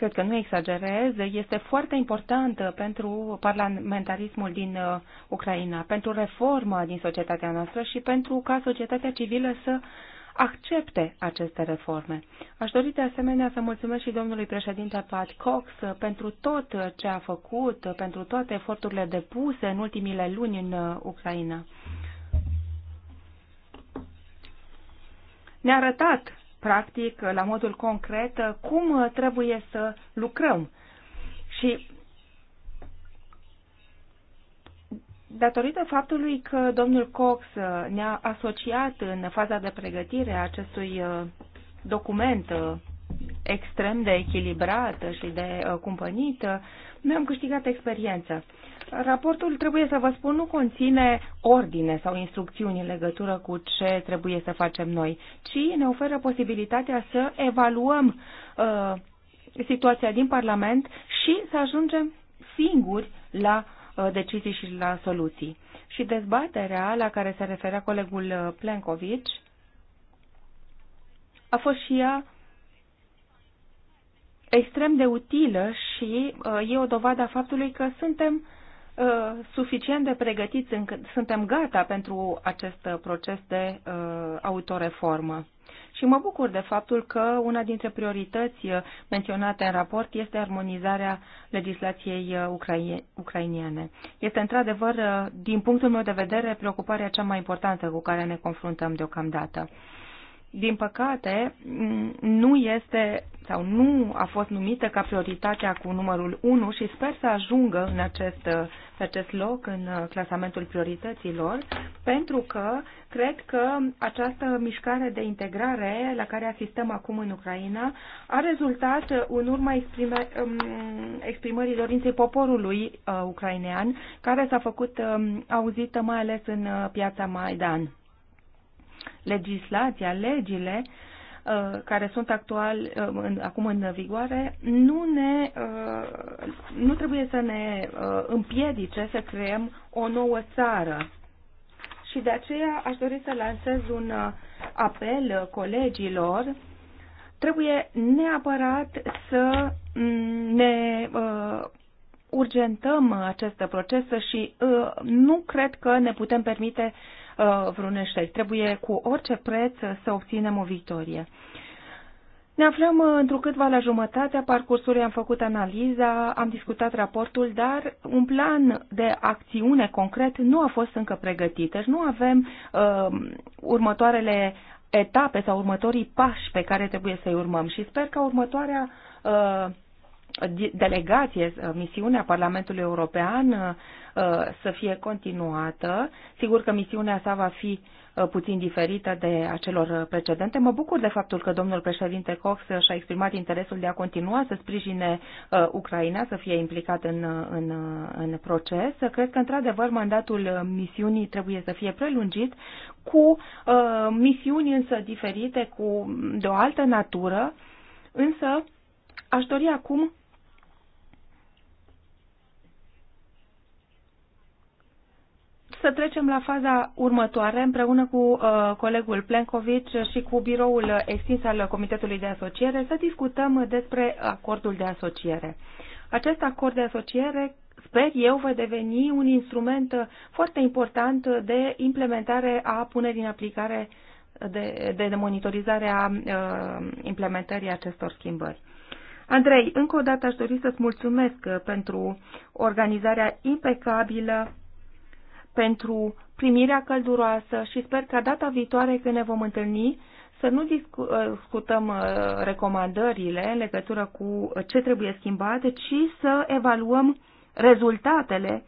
Speaker 1: cred că nu exagerez, este foarte importantă uh, pentru parlamentarismul din uh, Ucraina, pentru reforma din societatea noastră și pentru ca societatea civilă să accepte aceste reforme. Aș dori de asemenea să mulțumesc și domnului președinte Pat Cox uh, pentru tot ce a făcut, pentru toate eforturile depuse în ultimile luni în Ucraina. Ne-a arătat practic, la modul concret, cum trebuie să lucrăm. Și datorită faptului că domnul Cox ne-a asociat în faza de pregătire a acestui uh, document uh, extrem de echilibrat și de uh, cumpănit, noi am câștigat experiență. Raportul, trebuie să vă spun, nu conține ordine sau instrucțiuni în legătură cu ce trebuie să facem noi, ci ne oferă posibilitatea să evaluăm uh, situația din Parlament și să ajungem singuri la uh, decizii și la soluții. Și dezbaterea la care se referea colegul uh, Plenković a fost și ea extrem de utilă și uh, e o dovadă a faptului că suntem Uh, suficient de pregătiți încât suntem gata pentru acest proces de uh, autoreformă. Și mă bucur de faptul că una dintre priorități uh, menționate în raport este armonizarea legislației uh, ucrainiene. Este într-adevăr, din punctul meu de vedere, preocuparea cea mai importantă cu care ne confruntăm deocamdată. Uh, din păcate, nu este sau nu a fost numită ca prioritatea cu numărul 1 și sper să ajungă în acest, pe acest loc în uh, clasamentul priorităților, pentru că cred că această mișcare de integrare la care asistăm acum în Ucraina a rezultat în urma exprime, um, exprimării dorinței poporului uh, ucrainean, care s-a făcut um, auzită mai ales în uh, piața Maidan legislația, legile uh, care sunt actual uh, acum în vigoare nu ne uh, nu trebuie să ne împiedice să creăm o nouă țară. Și de aceea aș dori să lansez un apel colegilor trebuie neapărat să mm, ne urgentăm acest proces și nu cred că ne putem permite Uh, vreun eșec. Trebuie cu orice preț să obținem o victorie. Ne aflăm întrucâtva la jumătatea parcursului, am făcut analiza, am discutat raportul, dar un plan de acțiune concret nu a fost încă pregătit. Deci nu avem uh, următoarele etape sau următorii pași pe care trebuie să-i urmăm și sper că următoarea uh, delegație, uh, misiunea Parlamentului European uh, Uh, să fie continuată. Sigur că misiunea sa va fi uh, puțin diferită de acelor uh, precedente. Mă bucur de faptul că domnul președinte Cox și-a exprimat interesul de a continua să sprijine Ucraina, să fie implicat în, în, în proces. Cred că, într-adevăr, mandatul misiunii trebuie să fie prelungit cu uh, misiuni însă diferite, cu de o altă natură, însă aș dori acum să trecem la faza următoare împreună cu uh, colegul Plenković și cu biroul extins al Comitetului de Asociere să discutăm despre acordul de asociere. Acest acord de asociere sper eu, va deveni un instrument foarte important de implementare a punerii în aplicare de, de monitorizare a uh, implementării acestor schimbări. Andrei, încă o dată aș dori să-ți mulțumesc uh, pentru organizarea impecabilă pentru primirea călduroasă și sper ca data viitoare când ne vom întâlni să nu uh, discutăm uh, recomandările în legătură cu uh, ce trebuie schimbat, ci să evaluăm rezultatele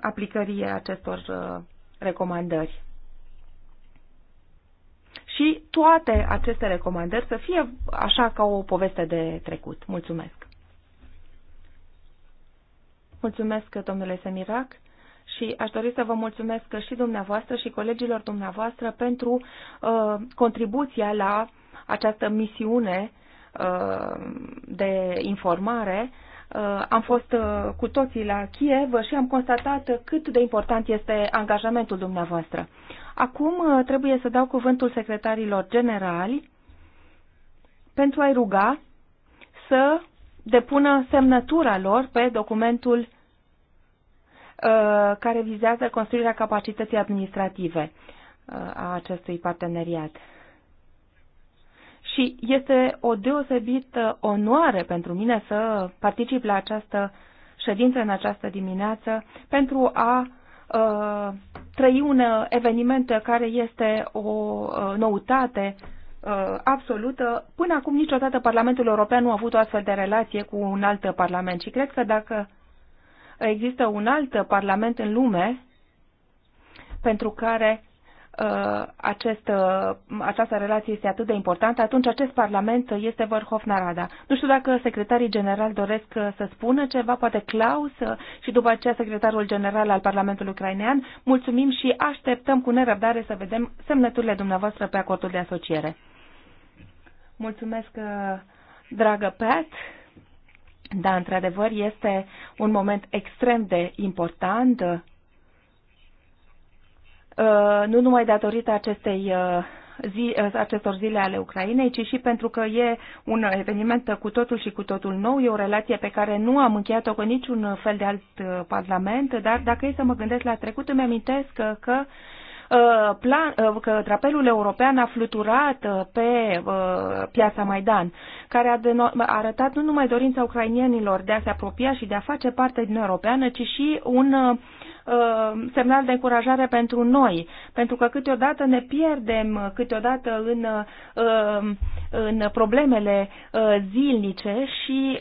Speaker 1: aplicării acestor recomandări. Și toate aceste recomandări să fie așa ca o poveste de trecut. Mulțumesc! Mulțumesc, domnule Semirac și aș dori să vă mulțumesc și dumneavoastră și colegilor dumneavoastră pentru uh, contribuția la această misiune uh, de informare. Uh, am fost uh, cu toții la Kiev și am constatat cât de important este angajamentul dumneavoastră. Acum uh, trebuie să dau cuvântul secretarilor generali pentru a-i ruga să depună semnătura lor pe documentul Uh, care vizează construirea capacității administrative uh, a acestui parteneriat. Și este o deosebită onoare pentru mine să particip la această ședință în această dimineață pentru a uh, trăi un eveniment care este o noutate absolută. Până acum niciodată Parlamentul European nu a avut o astfel de relație cu un alt parlament și cred că dacă există un alt parlament în lume pentru care uh, acest, uh, această relație este atât de importantă, atunci acest parlament este Narada. Nu știu dacă secretarii generali doresc uh, să spună ceva, poate Claus și după aceea secretarul general al Parlamentului Ucrainean. Mulțumim și așteptăm cu nerăbdare să vedem semnăturile dumneavoastră pe acordul de asociere. Mulțumesc, dragă Pat. Da, într-adevăr, este un moment extrem de important, uh, nu numai datorită acestei uh, zi, uh, acestor zile ale Ucrainei, ci și pentru că e un eveniment cu totul și cu totul nou, e o relație pe care nu am încheiat-o cu niciun fel de alt parlament, dar dacă e să mă gândesc la trecut, îmi amintesc că, că Uh, plan, uh, că drapelul european a fluturat uh, pe piața Maidan, care a arătat nu numai dorința ucrainienilor de a se apropia și de a face parte din Europeană, ci și un Uh, semnal de încurajare pentru noi, pentru că câteodată ne pierdem, câteodată în, uh, în problemele uh, zilnice și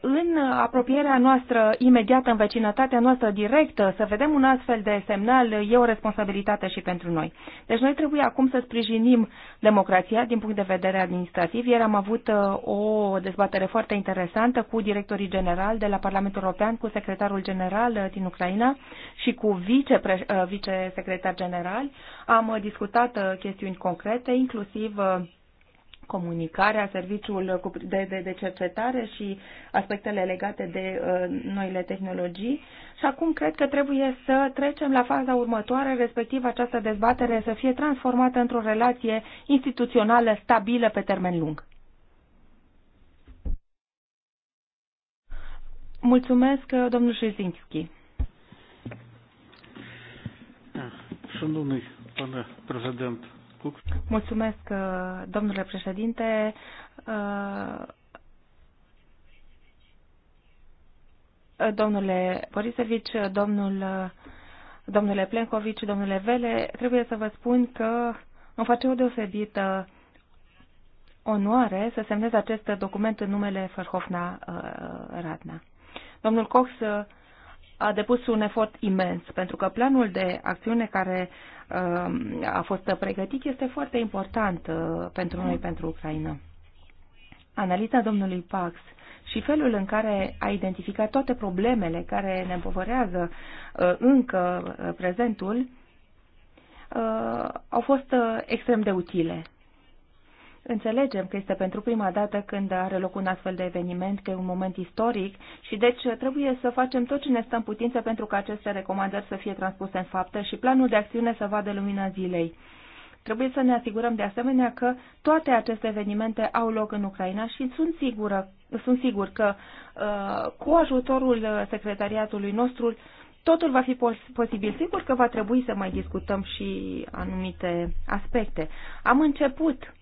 Speaker 1: în apropierea noastră imediată, în vecinătatea noastră directă, să vedem un astfel de semnal e o responsabilitate și pentru noi. Deci noi trebuie acum să sprijinim democrația din punct de vedere administrativ. Ieri am avut o dezbatere foarte interesantă cu directorii generali de la Parlamentul European, cu secretarul general din Ucraina și cu vice, uh, vicesecretar general. Am uh, discutat uh, chestiuni concrete, inclusiv comunicarea, serviciul de, de, de cercetare și aspectele legate de noile tehnologii. Și acum cred că trebuie să trecem la faza următoare, respectiv această dezbatere să fie transformată într-o relație instituțională stabilă pe termen lung. Mulțumesc, domnul Șuzinski. Шановний пане президент Кук. Mulțumesc, uh, domnule președinte. Uh, domnule Borisevic, domnul, domnule Plenkovic, domnule Vele, trebuie să vă spun că îmi face o deosebită onoare să semnez acest document în numele Ferhofna uh, Radna. Domnul Cox a depus un efort imens, pentru că planul de acțiune care um, a fost pregătit este foarte important uh, pentru noi, pentru Ucraina. Analiza domnului Pax și felul în care a identificat toate problemele care ne împovărează uh, încă uh, prezentul au fost extrem de utile. Înțelegem că este pentru prima dată când are loc un astfel de eveniment, că e un moment istoric și deci trebuie să facem tot ce ne stă în putință pentru ca aceste recomandări să fie transpuse în faptă și planul de acțiune să vadă lumina zilei. Trebuie să ne asigurăm de asemenea că toate aceste evenimente au loc în Ucraina și sunt sigură, sunt sigur că uh, cu ajutorul uh, secretariatului nostru totul va fi posibil. Sigur că va trebui să mai discutăm și anumite aspecte. Am început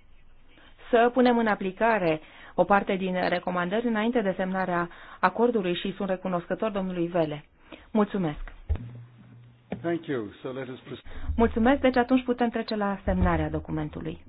Speaker 1: să punem în aplicare o parte din recomandări înainte de semnarea acordului și sunt recunoscător domnului Vele. Mulțumesc! Thank you. So let us... Mulțumesc, deci atunci putem trece la semnarea documentului.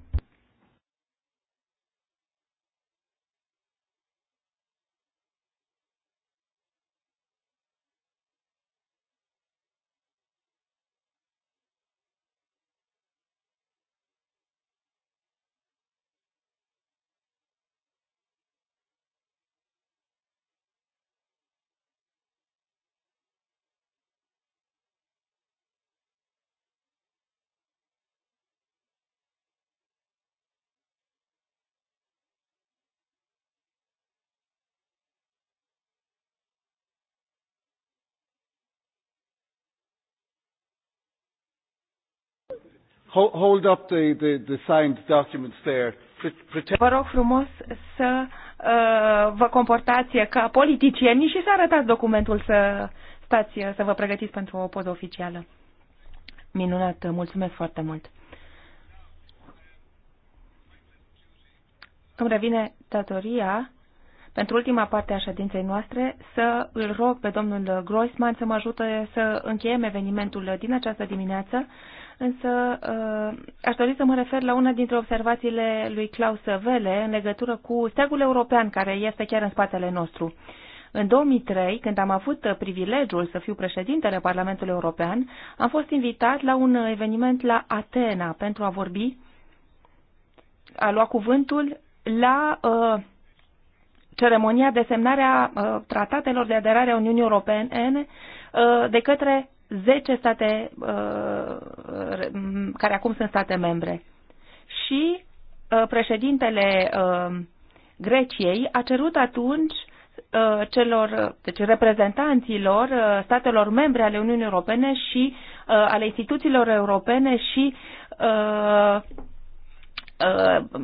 Speaker 1: Hold up the, the, the signed documents there. Pretend... Vă rog frumos să
Speaker 2: uh,
Speaker 1: vă comportați ca politicieni și să arătați documentul să stați, să vă pregătiți pentru o poză oficială. Minunat, mulțumesc foarte mult. Îmi revine datoria pentru ultima parte a ședinței noastre să îl rog pe domnul Groisman să mă ajute să încheiem evenimentul din această dimineață însă uh, aș dori să mă refer la una dintre observațiile lui Klaus Vele în legătură cu steagul european care este chiar în spatele nostru. În 2003, când am avut privilegiul să fiu președintele Parlamentului European, am fost invitat la un eveniment la Atena pentru a vorbi, a lua cuvântul la uh, ceremonia de semnare a uh, tratatelor de aderare a Uniunii Europene uh, de către 10 state uh, care acum sunt state membre. Și uh, președintele uh, Greciei a cerut atunci celor, deci reprezentanților statelor membre ale Uniunii Europene și ale instituțiilor europene și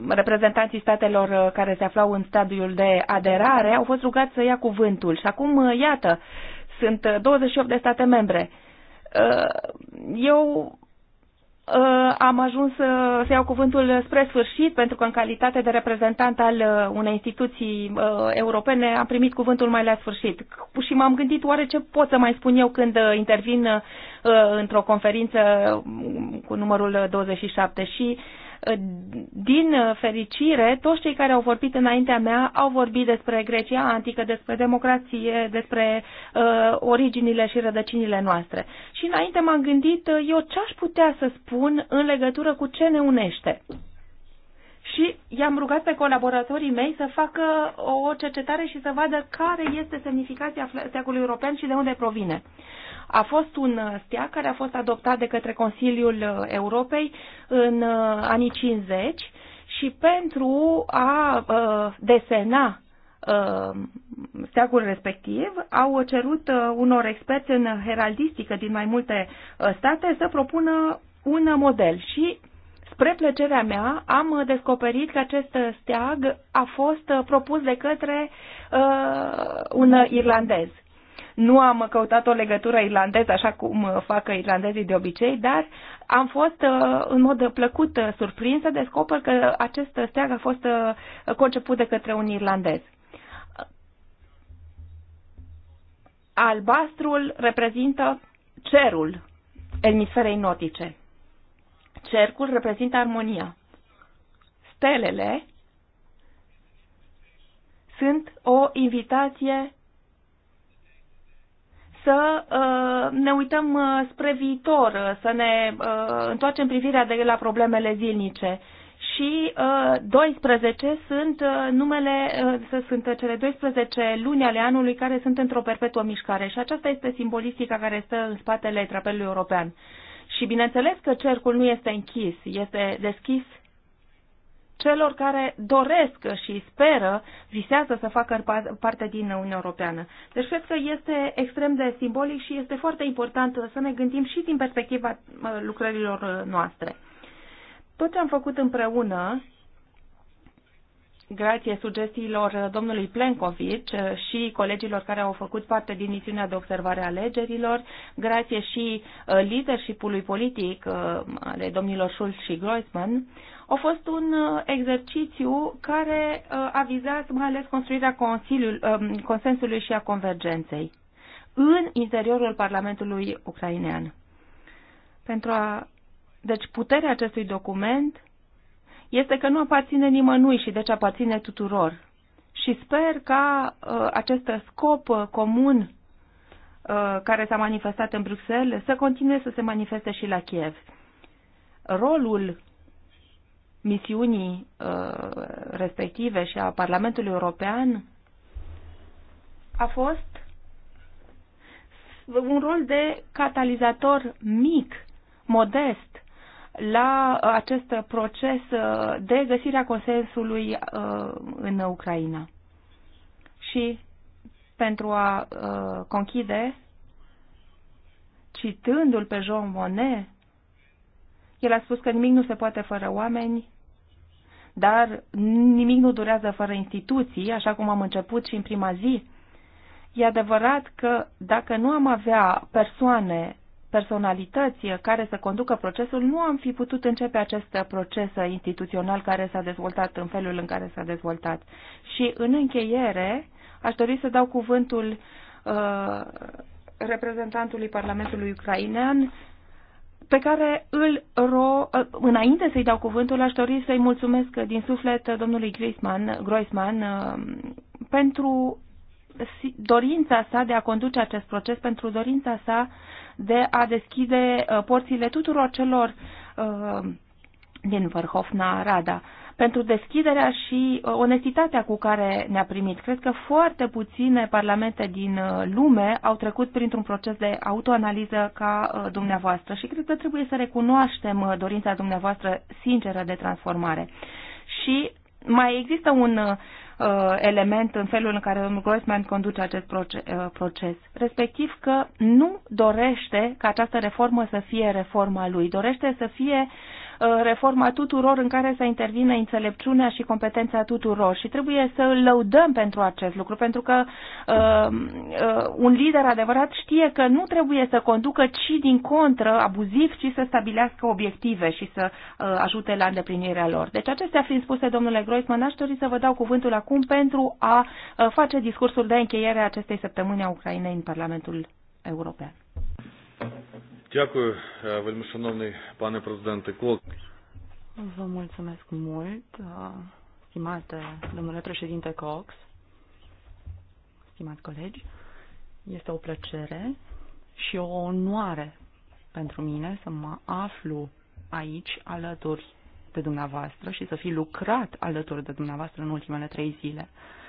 Speaker 1: reprezentanții statelor care se aflau în stadiul de aderare au fost rugați să ia cuvântul. Și acum, iată, sunt 28 de state membre Uh, eu uh, am ajuns să iau cuvântul spre sfârșit, pentru că în calitate de reprezentant al uh, unei instituții europene am primit cuvântul mai la sfârșit. Și m-am gândit oare ce pot să mai spun eu când intervin într-o conferință um, cu numărul 27 și Ă, din fericire, toți cei care au vorbit înaintea mea au vorbit despre Grecia antică, despre democrație, despre uh, originile și rădăcinile noastre. Și înainte m-am gândit eu ce aș putea să spun în legătură cu ce ne unește și i-am rugat pe colaboratorii mei să facă o cercetare și să vadă care este semnificația steagului european și de unde provine. A fost un steag care a fost adoptat de către Consiliul Europei în uh, anii 50 și pentru a uh, desena uh, steagul respectiv, au cerut unor experți în heraldistică din mai multe state să propună un model și Spre plăcerea mea, am descoperit că acest steag a fost propus de către uh, un irlandez. Nu am căutat o legătură irlandeză, așa cum fac irlandezii de obicei, dar am fost uh, în mod plăcut surprins să descoper că acest steag a fost uh, conceput de către un irlandez. Albastrul reprezintă cerul emisferei notice cercul reprezintă armonia. Stelele sunt o invitație să uh, ne uităm uh, spre viitor, uh, să ne uh, întoarcem privirea de la problemele zilnice. Și uh, 12 sunt uh, numele, uh, sunt cele 12 luni ale anului care sunt într-o perpetuă mișcare și aceasta este simbolistica care stă în spatele trapelului european. Uh, și bineînțeles că cercul nu este închis, este deschis celor care doresc și speră, visează să facă parte din Uniunea Europeană. Deci cred că este extrem de simbolic și este foarte important să ne gândim și din perspectiva lucrărilor noastre. Tot ce am făcut împreună grație sugestiilor domnului Plenković și colegilor care au făcut parte din misiunea de observare a alegerilor, grație și uh, leadership-ului politic uh, ale domnilor Schulz și Groisman, a fost un uh, exercițiu care a vizat mai ales construirea um, consensului și a convergenței în interiorul Parlamentului ucrainean. Pentru a, deci puterea acestui document este că nu aparține nimănui și deci aparține tuturor. Și sper ca uh, acest scop uh, comun uh, care s-a manifestat în Bruxelles să continue să se manifeste și la Kiev. Rolul misiunii uh, respective și a Parlamentului European a fost un rol de catalizator mic, modest, la uh, acest proces uh, de găsirea consensului uh, în Ucraina. Și pentru a conchide, citându-l pe Jean Monnet, el a spus că nimic nu se poate fără oameni, dar nimic nu durează fără instituții, așa cum am început și în prima zi. E adevărat că dacă nu am avea persoane personalități care să conducă procesul, nu am fi putut începe acest proces instituțional care s-a dezvoltat în felul în care s-a dezvoltat. Și în încheiere, aș dori să dau cuvântul uh, reprezentantului Parlamentului Ucrainean, pe care îl ro... Uh, înainte să-i dau cuvântul, aș dori să-i mulțumesc din suflet domnului Groisman, Groisman uh, pentru dorința sa de a conduce acest proces, pentru dorința sa de a deschide uh, porțile tuturor celor uh, din Vârhofna Rada pentru deschiderea și uh, onestitatea cu care ne-a primit. Cred că foarte puține parlamente din lume au trecut printr-un proces de autoanaliză ca dumneavoastră și cred că trebuie să recunoaștem dorința dumneavoastră sinceră de transformare. Și mai există un Uh, element în felul în care domnul Grossman conduce acest uh, proces, respectiv că nu dorește ca această reformă să fie reforma lui, dorește să fie Uh, reforma tuturor în care să intervine înțelepciunea și competența tuturor și trebuie să îl lăudăm pentru acest lucru, pentru că uh, uh, un lider adevărat știe că nu trebuie să conducă, ci din contră, abuziv, ci să stabilească obiective și să uh, ajute la îndeplinirea lor. Deci acestea fiind spuse, domnule Groisman, aș dori să vă dau cuvântul acum pentru a uh, face discursul de încheiere a acestei săptămâni a Ucrainei în Parlamentul European. Дякую, вельмишановний пане президенте
Speaker 2: Клод. Vă mulțumesc mult, stimate domnule președinte Cox, stimați colegi. Este o plăcere și o onoare pentru mine să mă aflu aici alături de dumneavoastră și să fi lucrat alături de dumneavoastră în ultimele trei zile. Uh,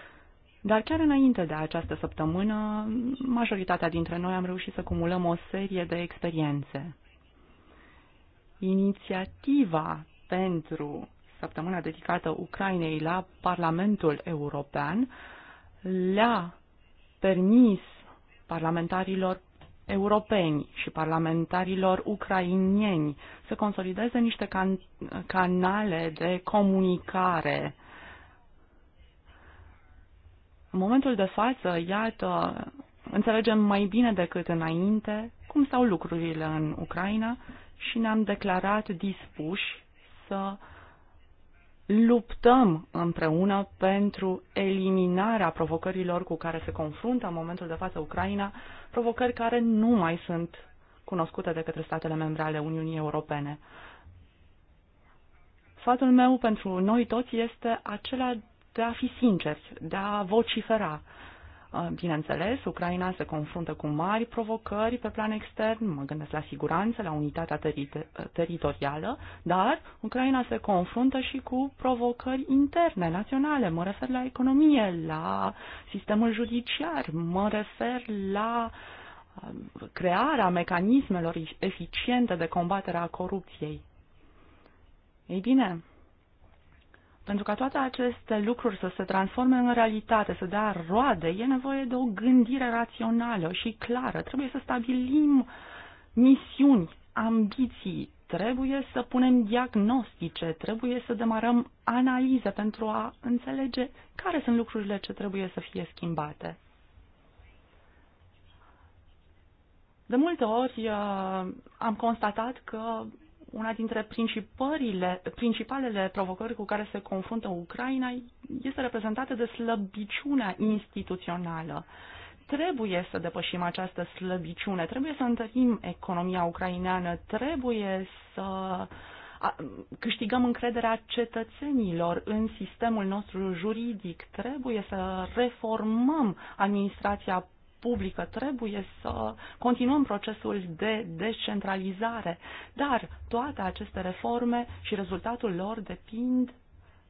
Speaker 2: dar chiar înainte de această săptămână, majoritatea dintre noi am reușit să cumulăm o serie de experiențe. Inițiativa pentru săptămâna dedicată Ucrainei la Parlamentul European le-a permis parlamentarilor europeni și parlamentarilor ucrainieni să consolideze niște can- canale de comunicare în momentul de față, iată, înțelegem mai bine decât înainte cum stau lucrurile în Ucraina și ne-am declarat dispuși să luptăm împreună pentru eliminarea provocărilor cu care se confruntă în momentul de față Ucraina, provocări care nu mai sunt cunoscute de către statele membre ale Uniunii Europene. Sfatul meu pentru noi toți este acela de a fi sinceri, de a vocifera. Uh, bineînțeles, Ucraina se confruntă cu mari provocări pe plan extern, mă gândesc la siguranță, la unitatea teri- teritorială, dar Ucraina se confruntă și cu provocări interne, naționale. Mă refer la economie, la sistemul judiciar, mă refer la uh, crearea mecanismelor eficiente de combatere a corupției. Ei bine, pentru ca toate aceste lucruri să se transforme în realitate, să dea roade, e nevoie de o gândire rațională și clară. Trebuie să stabilim misiuni, ambiții, trebuie să punem diagnostice, trebuie să demarăm analize pentru a înțelege care sunt lucrurile ce trebuie să fie schimbate. De multe ori uh, am constatat că una dintre principalele provocări cu care se confruntă Ucraina este reprezentată de slăbiciunea instituțională. Trebuie să depășim această slăbiciune, trebuie să întărim economia ucraineană, trebuie să câștigăm încrederea cetățenilor în sistemul nostru juridic, trebuie să reformăm administrația publică. Trebuie să continuăm procesul de descentralizare, dar toate aceste reforme și rezultatul lor depind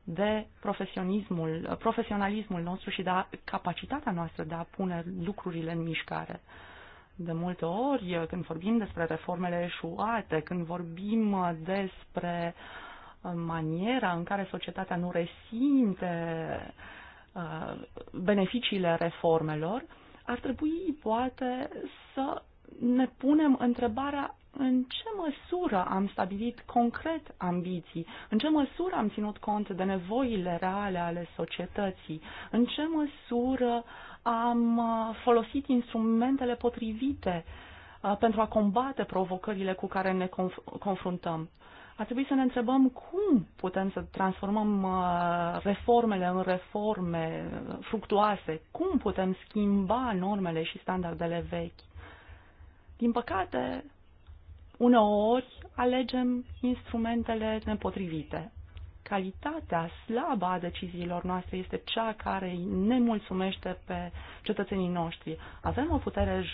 Speaker 2: de profesionismul, profesionalismul nostru și de capacitatea noastră de a pune lucrurile în mișcare. De multe ori, când vorbim despre reformele eșuate, când vorbim despre uh, maniera în care societatea nu resimte uh, beneficiile reformelor, ar trebui poate să ne punem întrebarea în ce măsură am stabilit concret ambiții, în ce măsură am ținut cont de nevoile reale ale societății, în ce măsură am uh, folosit instrumentele potrivite uh, pentru a combate provocările cu care ne conf- confruntăm ar trebui să ne întrebăm cum putem să transformăm uh, reformele în reforme fructuoase, cum putem schimba normele și standardele vechi. Din păcate, uneori alegem instrumentele nepotrivite. Calitatea slabă a deciziilor noastre este cea care ne mulțumește pe cetățenii noștri. Avem o putere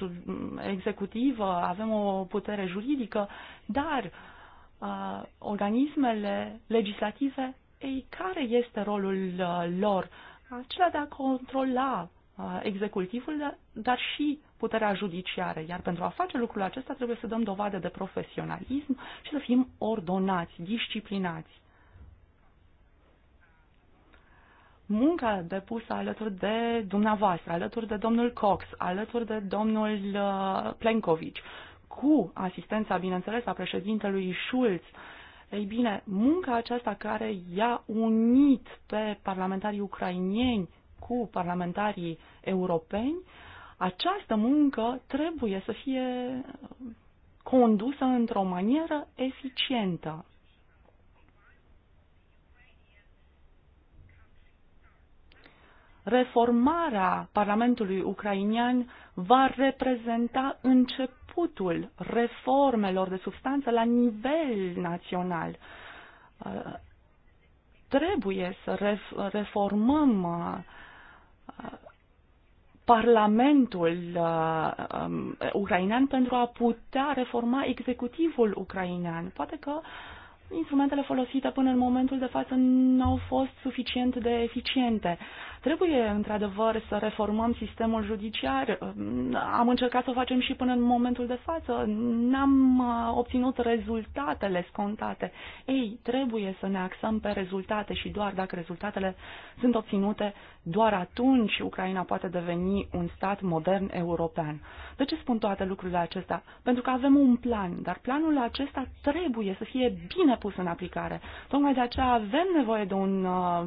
Speaker 2: executivă, avem o putere juridică, dar uh, uh, organismele legislative, ei, care este rolul uh, lor? Acela de a controla uh, executivul, dar și puterea judiciară. Iar pentru a face lucrul acesta trebuie să dăm dovadă de profesionalism și să fim ordonați, disciplinați. munca depusă alături de dumneavoastră, alături de domnul Cox, alături de domnul uh, Plenkovici cu asistența, bineînțeles, a președintelui Schulz. Ei bine, munca aceasta care i-a unit pe parlamentarii ucrainieni cu parlamentarii europeni, această muncă trebuie să fie condusă într-o manieră eficientă. Reformarea Parlamentului ucrainian va reprezenta începutul începutul reformelor de substanță la nivel național. Uh, trebuie să reformăm uh, uh, Parlamentul um, ucrainean pentru a putea reforma executivul ucrainean. Poate că instrumentele folosite până în momentul de față nu au fost suficient de eficiente. Trebuie, într-adevăr, să reformăm sistemul judiciar. Am încercat să o facem și până în momentul de față. N-am uh, obținut rezultatele scontate. Ei, trebuie să ne axăm pe rezultate și doar dacă rezultatele sunt obținute, doar atunci Ucraina poate deveni un stat modern european. De ce spun toate lucrurile acestea? Pentru că avem un plan, dar planul acesta trebuie să fie bine pus în aplicare. Tocmai de aceea avem nevoie de un uh,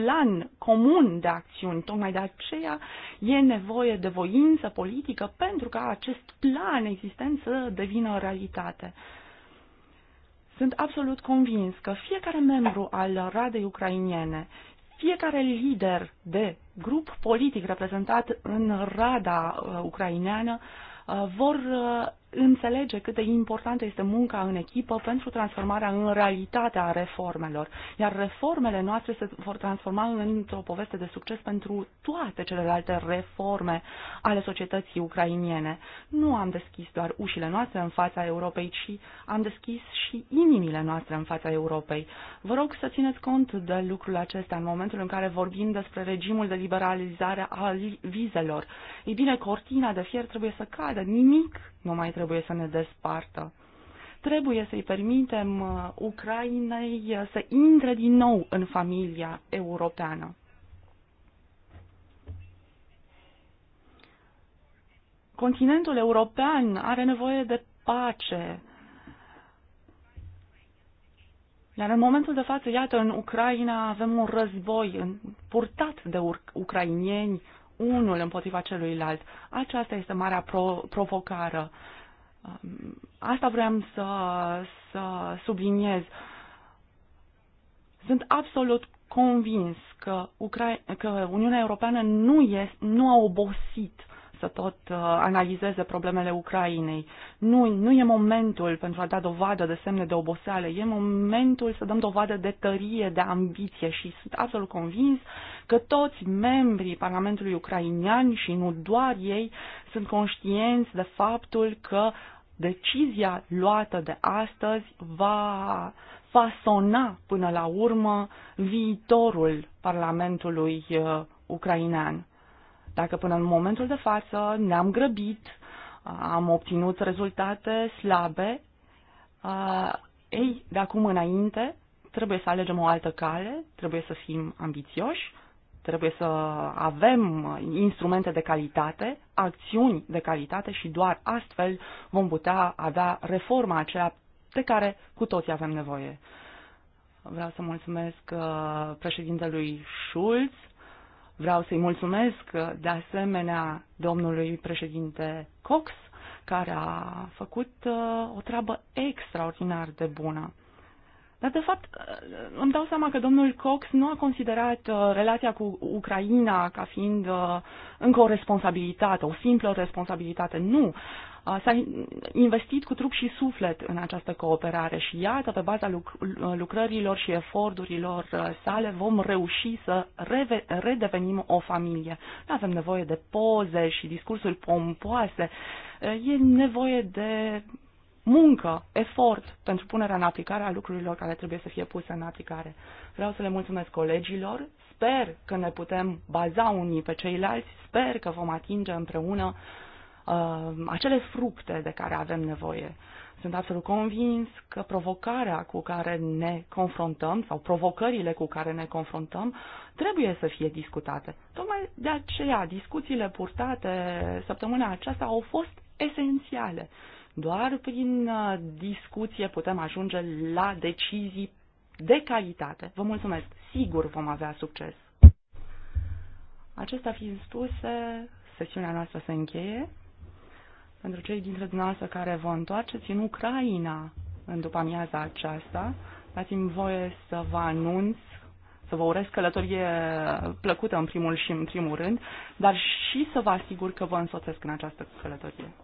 Speaker 2: plan comun de acțiuni. Tocmai de aceea e nevoie de voință politică pentru ca acest plan existent să devină o realitate. Sunt absolut convins că fiecare membru al Radei Ucrainiene, fiecare lider de grup politic reprezentat în Rada uh, ucraineană uh, vor uh, înțelege cât de importantă este munca în echipă pentru transformarea în realitate a reformelor. Iar reformele noastre se vor transforma într-o poveste de succes pentru toate celelalte reforme ale societății ucrainiene. Nu am deschis doar ușile noastre în fața Europei, ci am deschis și inimile noastre în fața Europei. Vă rog să țineți cont de lucrul acesta în momentul în care vorbim despre regimul de liberalizare a vizelor. Ei bine, cortina de fier trebuie să cadă, nimic nu mai trebuie să ne despartă. Trebuie să-i permitem uh, Ucrainei uh, să intre din nou în familia europeană. Continentul european are nevoie de pace. Iar în momentul de față, iată, în Ucraina avem un război purtat de ucrainieni unul împotriva celuilalt. Aceasta este marea pro- provocare. Um, asta vreau să, să subliniez. Sunt absolut convins că, Ucra- că Uniunea Europeană nu, este, nu a obosit să tot uh, analizeze problemele Ucrainei. Nu, nu e momentul pentru a da dovadă de semne de oboseală, e momentul să dăm dovadă de tărie, de ambiție și sunt absolut convins că toți membrii Parlamentului ucrainian și nu doar ei sunt conștienți de faptul că uh, decizia luată de astăzi va fasona până la urmă viitorul Parlamentului uh, ucrainean. Dacă până în momentul de față ne-am grăbit, uh, am obținut rezultate slabe, uh, ei, de acum înainte, trebuie să alegem o altă cale, trebuie să fim ambițioși, Trebuie să avem instrumente de calitate, acțiuni de calitate și doar astfel vom putea avea reforma aceea de care cu toții avem nevoie. Vreau să mulțumesc uh, președintelui Schulz, vreau să-i mulțumesc uh, de asemenea domnului președinte Cox, care a făcut uh, o treabă extraordinar de bună. Dar, de fapt, uh, îmi dau seama că domnul Cox nu a considerat uh, relația cu Ucraina ca fiind uh, încă o responsabilitate, o simplă responsabilitate. Nu. S-a investit cu trup și suflet în această cooperare și iată, pe baza lucrărilor și eforturilor sale, vom reuși să redevenim o familie. Nu avem nevoie de poze și discursuri pompoase, e nevoie de muncă, efort pentru punerea în aplicare a lucrurilor care trebuie să fie puse în aplicare. Vreau să le mulțumesc colegilor, sper că ne putem baza unii pe ceilalți, sper că vom atinge împreună uh, acele fructe de care avem nevoie. Sunt absolut convins că provocarea cu care ne confruntăm sau provocările cu care ne confruntăm trebuie să fie discutate. Tocmai de aceea discuțiile purtate săptămâna aceasta au fost esențiale. Doar prin uh, discuție putem ajunge la decizii de calitate. Vă mulțumesc. Sigur vom avea succes. Acesta fiind spuse, sesiunea noastră se încheie. Pentru cei dintre dumneavoastră care vă întoarceți în Ucraina în după amiaza aceasta, dați-mi voie să vă anunț, să vă urez călătorie plăcută în primul și în primul rând, dar și să vă asigur că vă însoțesc în această călătorie.